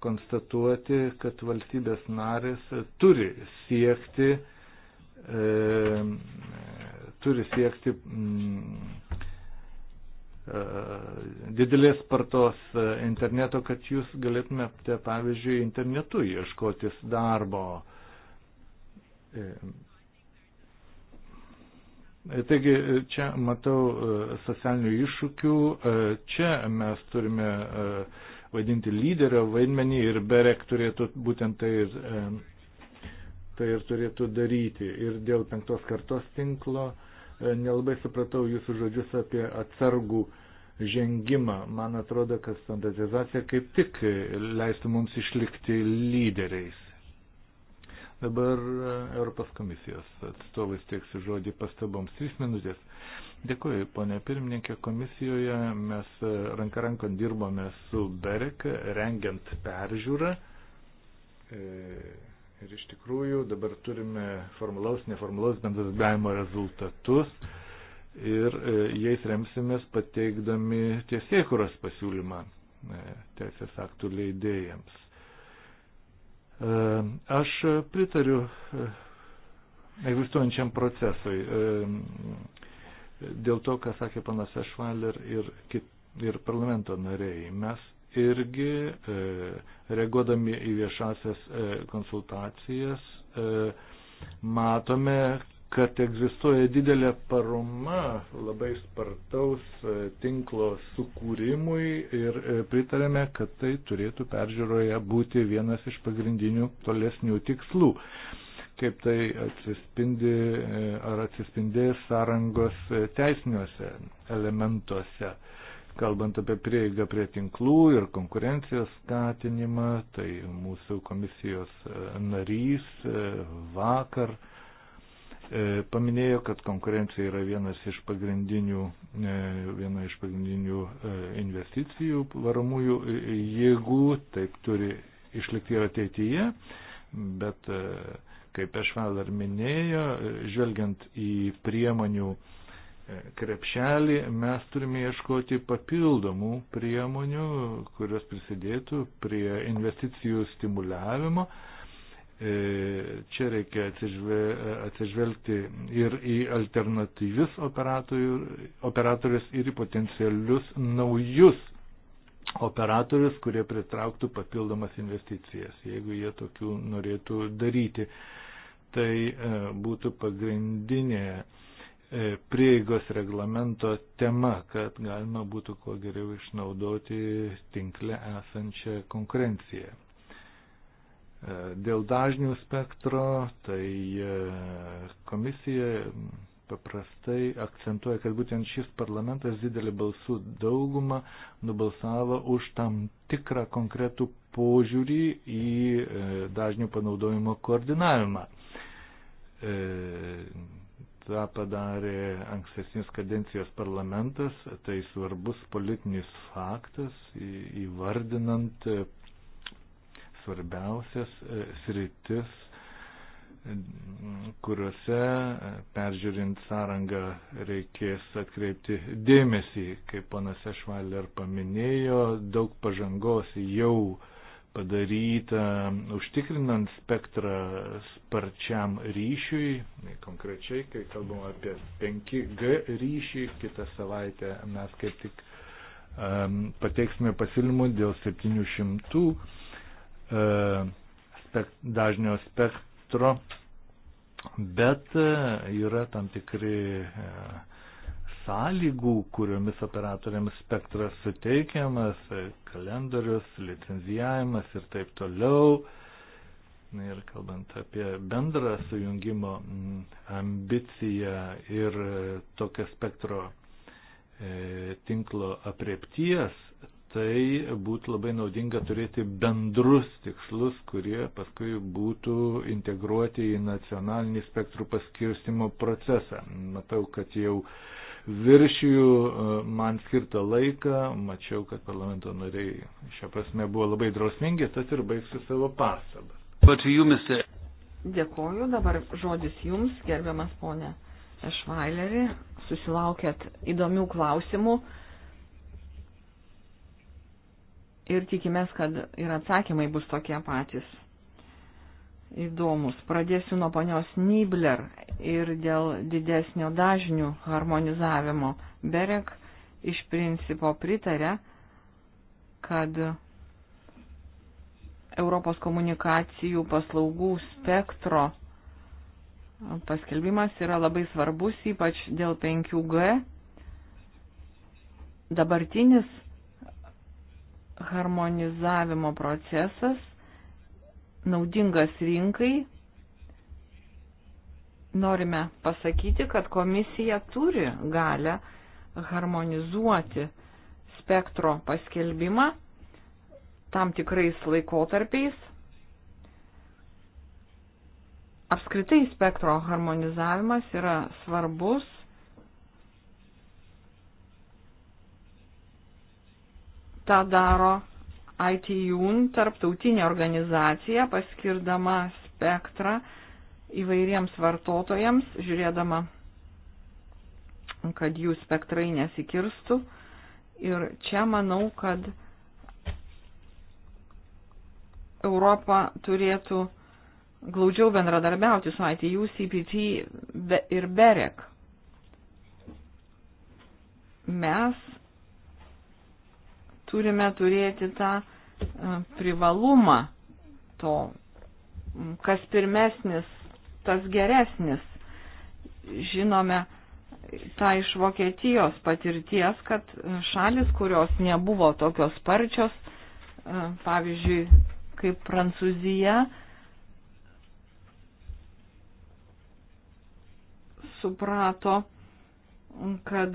konstatuoti, kad valstybės narės turi siekti, e, turi siekti mm, E, didelės spartos e, interneto, kad jūs galėtumėte, pavyzdžiui, internetu ieškotis darbo. E, taigi čia matau socialinių iššūkių, čia mes turime vaidinti lyderio vaidmenį ir berek turėtų būtent tai ir, tai ir turėtų daryti. Ir dėl penktos kartos tinklo nelabai supratau jūsų žodžius apie atsargų uh, žengimą. Man atrodo, kad standartizacija kaip tik leistų mums išlikti lyderiais. Dabar e, Europos komisijos atstovais teiksiu žodį pastaboms. Trys minutės. Dėkuoju, ponė pirmininkė, komisijoje mes e, ranka rankon dirbome su BEREK, rengiant peržiūrą. E, ir iš tikrųjų dabar turime formalaus, neformalaus bendradarbiavimo rezultatus ir e, jais remsimės pateikdami tiesiekuros pasiūlymą e, teisės aktų leidėjams. E, aš pritariu egzistuojančiam procesui dėl to, ką sakė panas Ešvaler ir, kit, ir parlamento nariai. Mes irgi reaguodami į viešasias konsultacijas matome, kad egzistuoja didelė paroma labai spartaus e, tinklo sukūrimui ir e, pritarėme, kad tai turėtų peržiūroje būti vienas iš pagrindinių tolesnių tikslų. Kaip tai atsispindi e, ar atsispindės sąrangos teisiniuose elementuose. Kalbant apie prieigą prie tinklų ir konkurencijos skatinimą, tai mūsų komisijos narys vakar E, paminėjo, kad konkurencija yra vienas iš pagrindinių, e, viena iš pagrindinių e, investicijų varomųjų jėgų, taip turi išlikti ir ateityje, bet kaip aš vėl dar minėjo, žvelgiant į priemonių krepšelį, mes turime ieškoti papildomų priemonių, kurios prisidėtų prie investicijų stimuliavimo E, čia reikia atsižvelgti ir į alternatyvius operatorius, ir į potencialius naujus operatorius, kurie pritrauktų papildomas investicijas, jeigu jie tokių norėtų daryti. Tai e, būtų pagrindinė e, prieigos reglamento tema, kad galima būtų kuo geriau išnaudoti tinkle esančią konkurenciją. E, dėl dažnių spektro, tai e, komisija paprastai akcentuoja, kad būtent šis parlamentas didelį balsų daugumą nubalsavo už tam tikrą konkretų požiūrį į e, dažnių panaudojimo koordinavimą. Ta padarė ankstesnis kadencijos parlamentas, tai svarbus politinis faktas įvardinant svarbiausias e, sritis, e, kuriuose, e, peržiūrint sąrangą, reikės atkreipti dėmesį, kaip panas Ešvaler paminėjo, daug pažangos jau padaryta užtikrinant spektrą sparčiam ryšiui, konkrečiai, kai kalbam apie 5G ryšį, kitą savaitę mes kaip tik um, pateiksime pasiūlymų dėl 700 E, spek, dažnio spektro, bet e, yra tam tikri e, sąlygų, kuriomis operatoriams spektras suteikiamas, kalendorius, licenzijavimas ir taip toliau. Ir kalbant apie bendrą sujungimo ambiciją ir tokio spektro tinklo apriepties, tai būtų labai naudinga turėti bendrus tikslus, kurie paskui būtų integruoti į nacionalinį spektrų paskirstimo procesą. Matau, kad jau viršijų e, man skirtą laiką, mačiau, kad parlamento nariai šią prasme buvo labai drausmingi, tad ir baigsiu savo pasabas. Dėkoju, dabar žodis jums, gerbiamas ponė Ešvailerį, susilaukėt įdomių klausimų ir tikimės, kad ir atsakymai bus tokie patys įdomus. Pradėsiu nuo ponios Nibler ir dėl didesnio dažnių harmonizavimo. Berek iš principo pritarė, kad Europos komunikacijų paslaugų spektro paskelbimas yra labai svarbus, ypač dėl 5G. Dabartinis harmonizavimo procesas naudingas rinkai. Norime pasakyti, kad komisija turi galę harmonizuoti spektro paskelbimą tam tikrais laikotarpiais. Apskritai spektro harmonizavimas yra svarbus tą daro ITUN tarptautinė organizacija, paskirdama spektrą įvairiems vartotojams, žiūrėdama, kad jų spektrai nesikirstų. Ir čia manau, kad Europa turėtų glaudžiau bendradarbiauti su ITU, CPT ir BEREK. Mes turime turėti tą e, privalumą to, kas pirmesnis, tas geresnis. Žinome tą iš Vokietijos patirties, kad e, šalis, kurios nebuvo tokios sparčios, e, pavyzdžiui, kaip Prancūzija, suprato, kad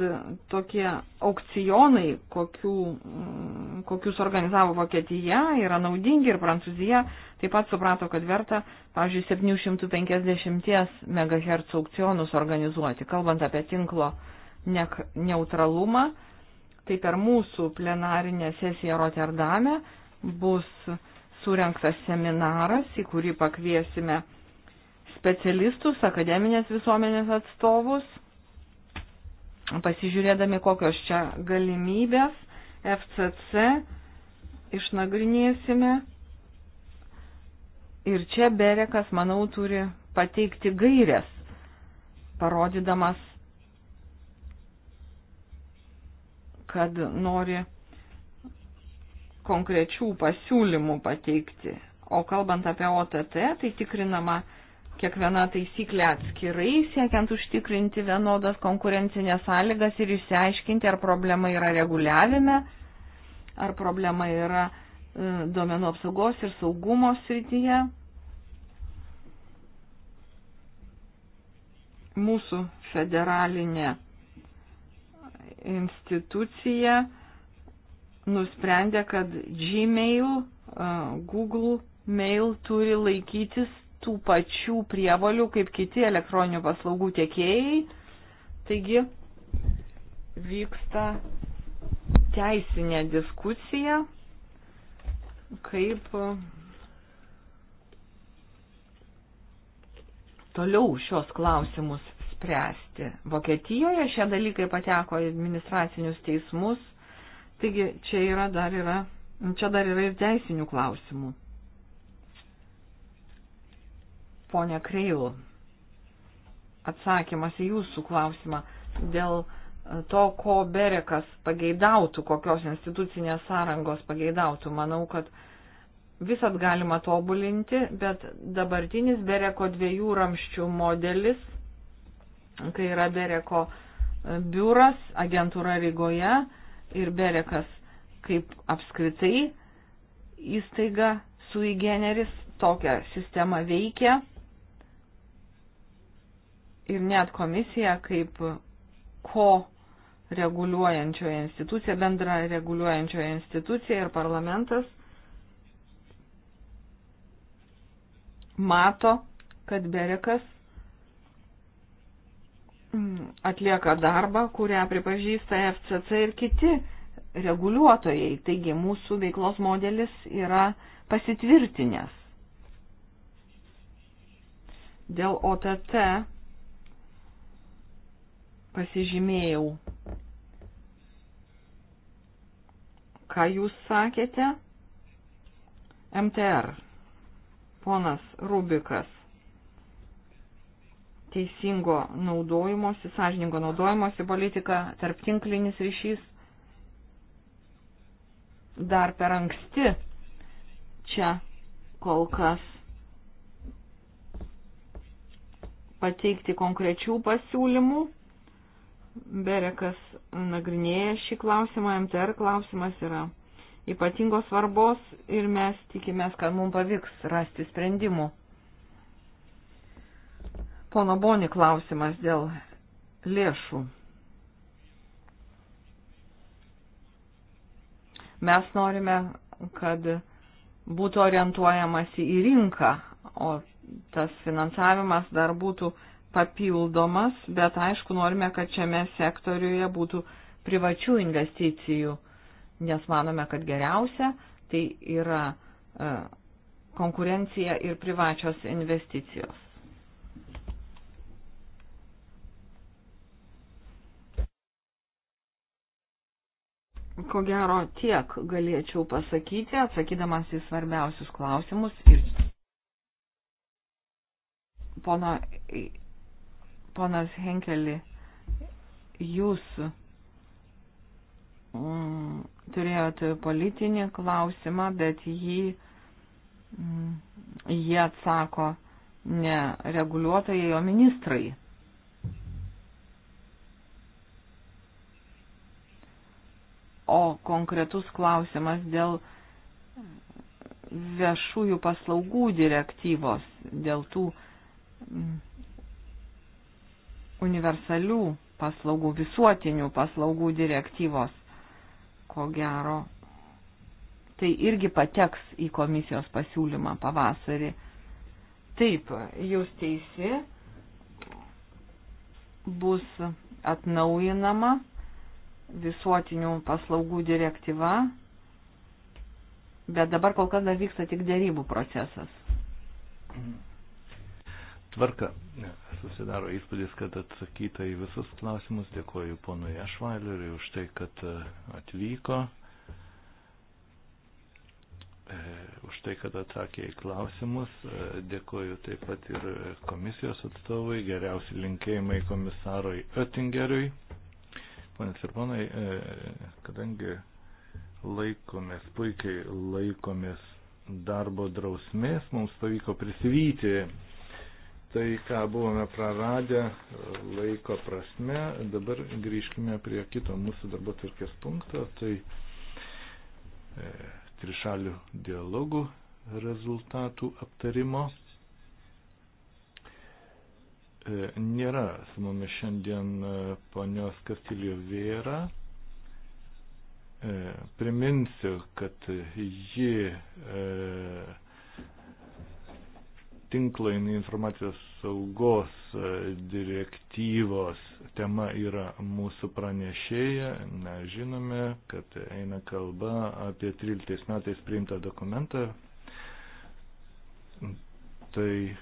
tokie aukcionai, kokių, mm, kokius organizavo Vokietija, yra naudingi ir Prancūzija taip pat suprato, kad verta, pavyzdžiui, 750 MHz aukcionus organizuoti. Kalbant apie tinklo ne neutralumą, tai per mūsų plenarinę sesiją Rotterdame bus surinktas seminaras, į kurį pakviesime specialistus, akademinės visuomenės atstovus pasižiūrėdami, kokios čia galimybės FCC išnagrinėsime. Ir čia Berekas, manau, turi pateikti gairias, parodydamas, kad nori konkrečių pasiūlymų pateikti. O kalbant apie OTT, tai tikrinama kiekviena taisyklė atskirai, siekiant užtikrinti vienodas konkurencinės sąlygas ir išsiaiškinti, ar problema yra reguliavime, ar problema yra e, duomenų apsaugos ir saugumo srityje. Mūsų federalinė institucija nusprendė, kad Gmail, e, Google Mail turi laikytis tų pačių prievalių kaip kiti elektroninių paslaugų tiekėjai. Taigi vyksta teisinė diskusija, kaip toliau šios klausimus spręsti. Vokietijoje šie dalykai pateko į administracinius teismus, taigi čia, yra dar yra, čia dar yra ir teisinių klausimų. Pone Kreil, atsakymas į jūsų klausimą dėl e, to, ko Berekas pageidautų, kokios institucinės sąrangos pageidautų. Manau, kad visat galima tobulinti, bet dabartinis Bereko dviejų ramščių modelis, kai yra Bereko e, biuras, agentūra Rygoje ir Berekas kaip apskritai įstaiga sui generis tokią sistemą veikia ir net komisija kaip ko reguliuojančioje institucija, bendra reguliuojančioje institucija ir parlamentas mato, kad Berekas mm, atlieka darbą, kurią pripažįsta FCC ir kiti reguliuotojai. Taigi mūsų veiklos modelis yra pasitvirtinęs. Dėl OTT pasižymėjau, ką jūs sakėte. MTR, ponas Rubikas, teisingo naudojimosi, sąžiningo naudojimosi politika, tarptinklinis ryšys, dar per anksti čia kol kas pateikti konkrečių pasiūlymų. Berekas nagrinėja šį klausimą, MTR klausimas yra ypatingos svarbos ir mes tikimės, kad mums pavyks rasti sprendimų. Pono Boni klausimas dėl lėšų. Mes norime, kad būtų orientuojamasi į rinką, o tas finansavimas dar būtų papildomas, bet aišku, norime, kad šiame sektoriuje būtų privačių investicijų, nes manome, kad geriausia tai yra e, konkurencija ir privačios investicijos. Ko gero tiek galėčiau pasakyti, atsakydamas į svarbiausius klausimus ir pono Ponas Henkeli, jūs mm, turėjote politinį klausimą, bet jį, mm, jie atsako ne reguliuotojai, o ministrai. O konkretus klausimas dėl viešųjų paslaugų direktyvos, dėl tų mm, universalių paslaugų, visuotinių paslaugų direktyvos. Ko gero, tai irgi pateks į komisijos pasiūlymą pavasarį. Taip, jūs teisi, bus atnaujinama visuotinių paslaugų direktyva, bet dabar kol kas dar vyksta tik dėrybų procesas. Mm tvarka. Susidaro įspūdis, kad atsakyta į visus klausimus. Dėkuoju ponui Ešvaileriui už tai, kad e, atvyko, e, už tai, kad atsakė į klausimus. E, Dėkuoju taip pat ir komisijos atstovai, geriausi linkėjimai komisarui Oettingeriui. Pane ir ponai, kadangi laikomės, puikiai laikomės darbo drausmės, mums pavyko prisivyti tai, ką buvome praradę laiko prasme. Dabar grįžkime prie kito mūsų darbo tvarkės punkto, tai e, trišalių dialogų rezultatų aptarimo e, nėra su mumis šiandien e, ponios Kastilio Vėra. E, priminsiu, kad ji tinklo informacijos saugos e, direktyvos tema yra mūsų pranešėja. Mes žinome, kad eina kalba apie 13 metais priimtą dokumentą. Tai e,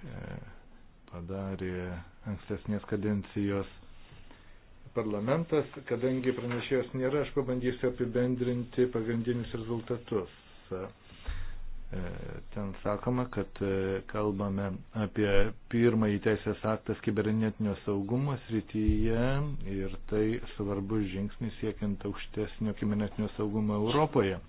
padarė ankstesnės kadencijos parlamentas, kadangi pranešėjos nėra, aš pabandysiu apibendrinti pagrindinius rezultatus. E, ten sakoma, kad e, kalbame apie pirmąjį teisės aktas kibernetinio saugumo srityje ir tai svarbus žingsnis siekiant aukštesnio kibernetinio saugumo Europoje e,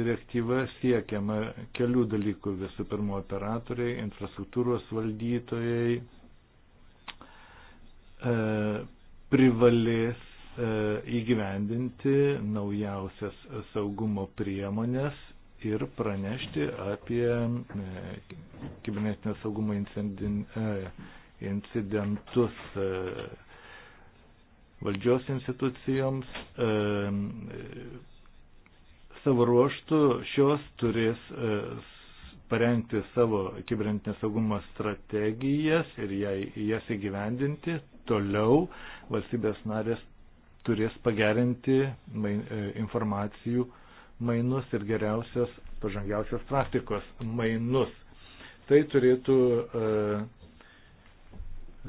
direktyva siekiama kelių dalykų. Visų pirma, operatoriai, infrastruktūros valdytojai privalės įgyvendinti naujausias saugumo priemonės ir pranešti apie e, kibernetinio saugumo e, incidentus e, valdžios institucijoms. Savo ruoštų šios turės parengti savo kibernetinio saugumo strategijas ir jas įgyvendinti. Toliau valstybės narės turės pagerinti informacijų mainus ir geriausios, pažangiausios praktikos mainus. Tai turėtų e,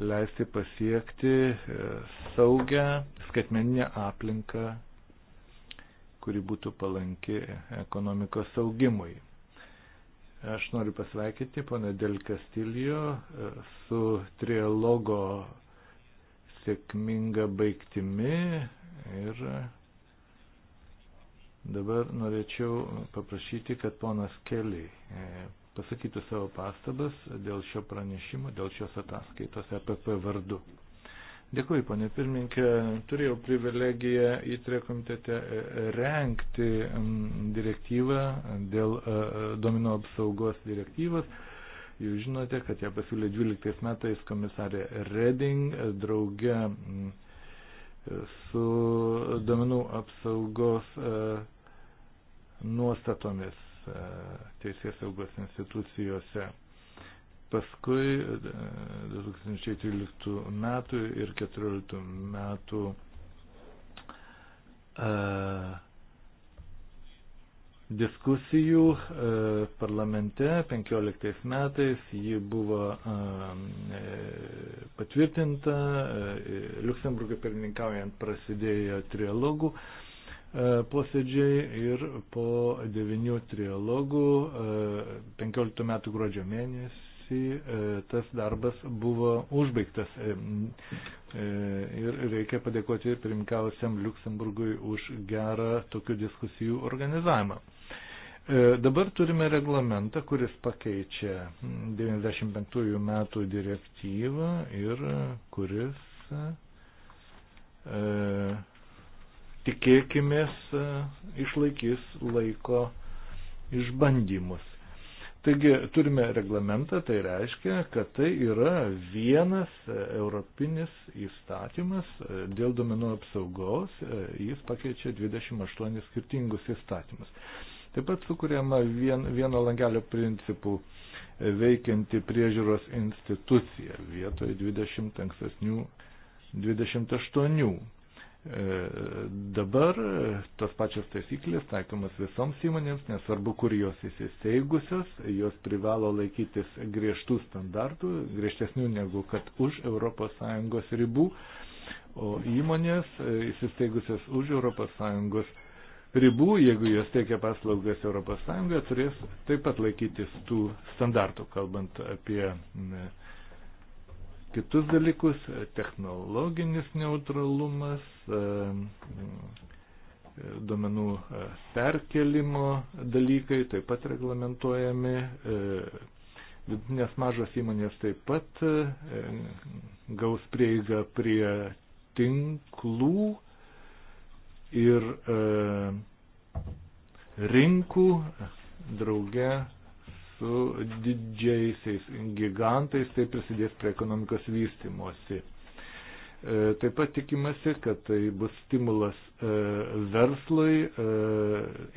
leisti pasiekti e, saugę skaitmeninę aplinką, kuri būtų palanki ekonomikos saugimui. Aš noriu pasveikinti pana Del Castillo e, su trialogo sėkminga baigtimi ir Dabar norėčiau paprašyti, kad ponas Keliai e, pasakytų savo pastabas dėl šio pranešimo, dėl šios ataskaitos EPP vardu. Dėkui, ponė pirmininkė. Turėjau privilegiją įtrė e komitete e, renkti direktyvą dėl domino apsaugos direktyvos. Jūs žinote, kad ją pasiūlė 12 metais komisarė Reding drauge su domenų apsaugos nuostatomis e, teisės saugos institucijose. Paskui 2013 e, metų ir 2014 metų a, e, diskusijų a, parlamente 15 metais ji buvo a, patvirtinta, Luksemburgui pirmininkaujant prasidėjo trialogų. A, E, posėdžiai ir po devinių trialogų 15 e, metų gruodžio mėnesį e, tas darbas buvo užbaigtas. Ir reikia padėkoti pirmkiausiam Luksemburgui už gerą tokių diskusijų organizavimą. Dabar turime reglamentą, kuris pakeičia 95 metų direktyvą ir kuris e, tikėkimės e, išlaikys laiko išbandymus. Taigi turime reglamentą, tai reiškia, kad tai yra vienas e, europinis įstatymas e, dėl domenų apsaugos, jis pakeičia 28 skirtingus įstatymus. Taip pat sukūrėma vien, vieno langelio principų veikianti priežiūros institucija vietoje 20 ankstesnių 28. E, dabar e, tos pačios taisyklės taikomas visoms įmonėms, nesvarbu, kur jos įsisteigusios, jos privalo laikytis griežtų standartų, griežtesnių negu kad už ES ribų, o įmonės e, įsisteigusios už ES ribų, jeigu jos teikia paslaugas ES, turės taip pat laikytis tų standartų, kalbant apie ne, kitus dalykus, e, technologinis neutralumas, e, e, duomenų perkelimo dalykai taip pat reglamentuojami, vidutinės mažos įmonės taip pat gaus prieigą prie tinklų ir rinkų drauge su didžiaisiais gigantais, tai prisidės prie ekonomikos vystimosi. E, taip pat tikimasi, kad tai bus stimulas e, verslui, e,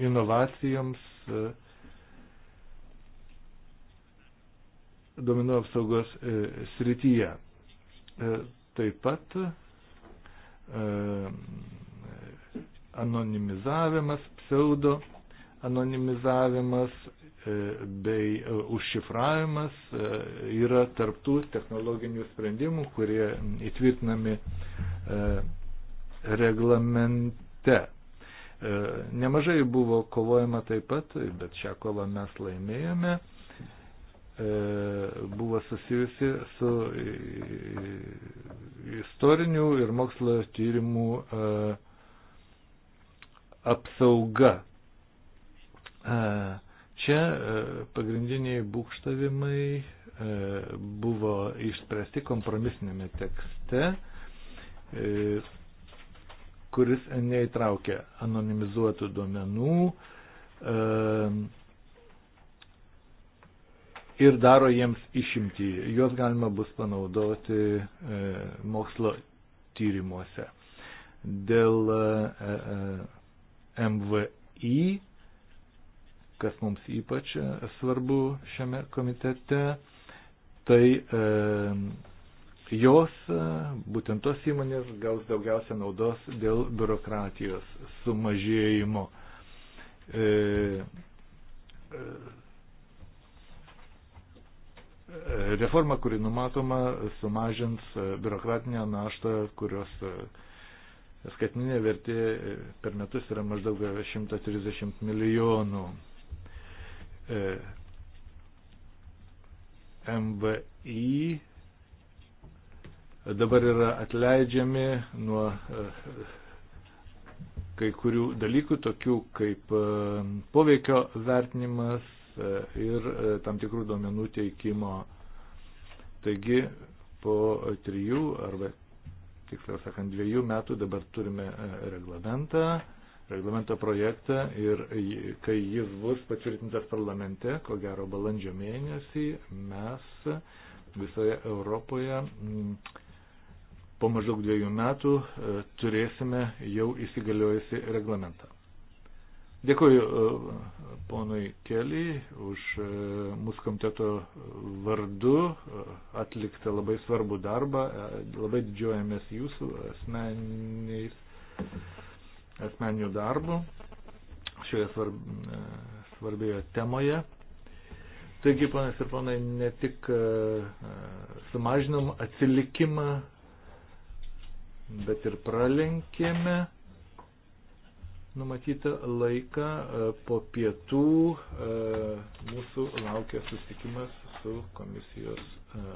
inovacijoms, domino apsaugos srityje. Taip pat anonimizavimas, pseudo anonimizavimas E, bei e, užšifravimas e, yra tarptų technologinių sprendimų, kurie įtvirtinami reglamente. Nemažai buvo kovojama taip pat, bet šią kovą mes laimėjome. Buvo susijusi su istorinių ir mokslo tyrimų apsauga. Uh, Čia e, pagrindiniai būkštavimai e, buvo išspręsti kompromisinėme tekste, e, kuris neįtraukė anonimizuotų duomenų ir daro jiems išimtį. Juos galima bus panaudoti mokslo tyrimuose. Dėl MVI kas mums ypač e, svarbu šiame komitete, tai e, jos, e, būtent tos įmonės, gaus daugiausia naudos dėl biurokratijos sumažėjimo. E, e, Reforma, kuri numatoma, sumažins e, biurokratinę naštą, kurios skaitminė vertė per metus yra maždaug 130 milijonų E, MVI dabar yra atleidžiami nuo e, kai kurių dalykų, tokių kaip e, poveikio vertinimas ir tam tikrų duomenų teikimo. Taigi po trijų arba, tiksliau sakant, dviejų metų dabar turime reglamentą reglamento projektą ir kai jis bus patvirtintas parlamente, ko gero balandžio mėnesį, mes visoje Europoje mm, po maždaug dviejų metų e, turėsime jau įsigaliojusi reglamentą. Dėkuoju e, ponui Kelį už e, mūsų komiteto vardu atliktą labai svarbų darbą. Labai didžiuojamės jūsų asmeniais asmeniniu darbu šioje svarbioje temoje. Taigi, panas ir panai, ne tik e, sumažinom atsilikimą, bet ir pralenkėme numatytą laiką e, po pietų e, mūsų laukia susitikimas su komisijos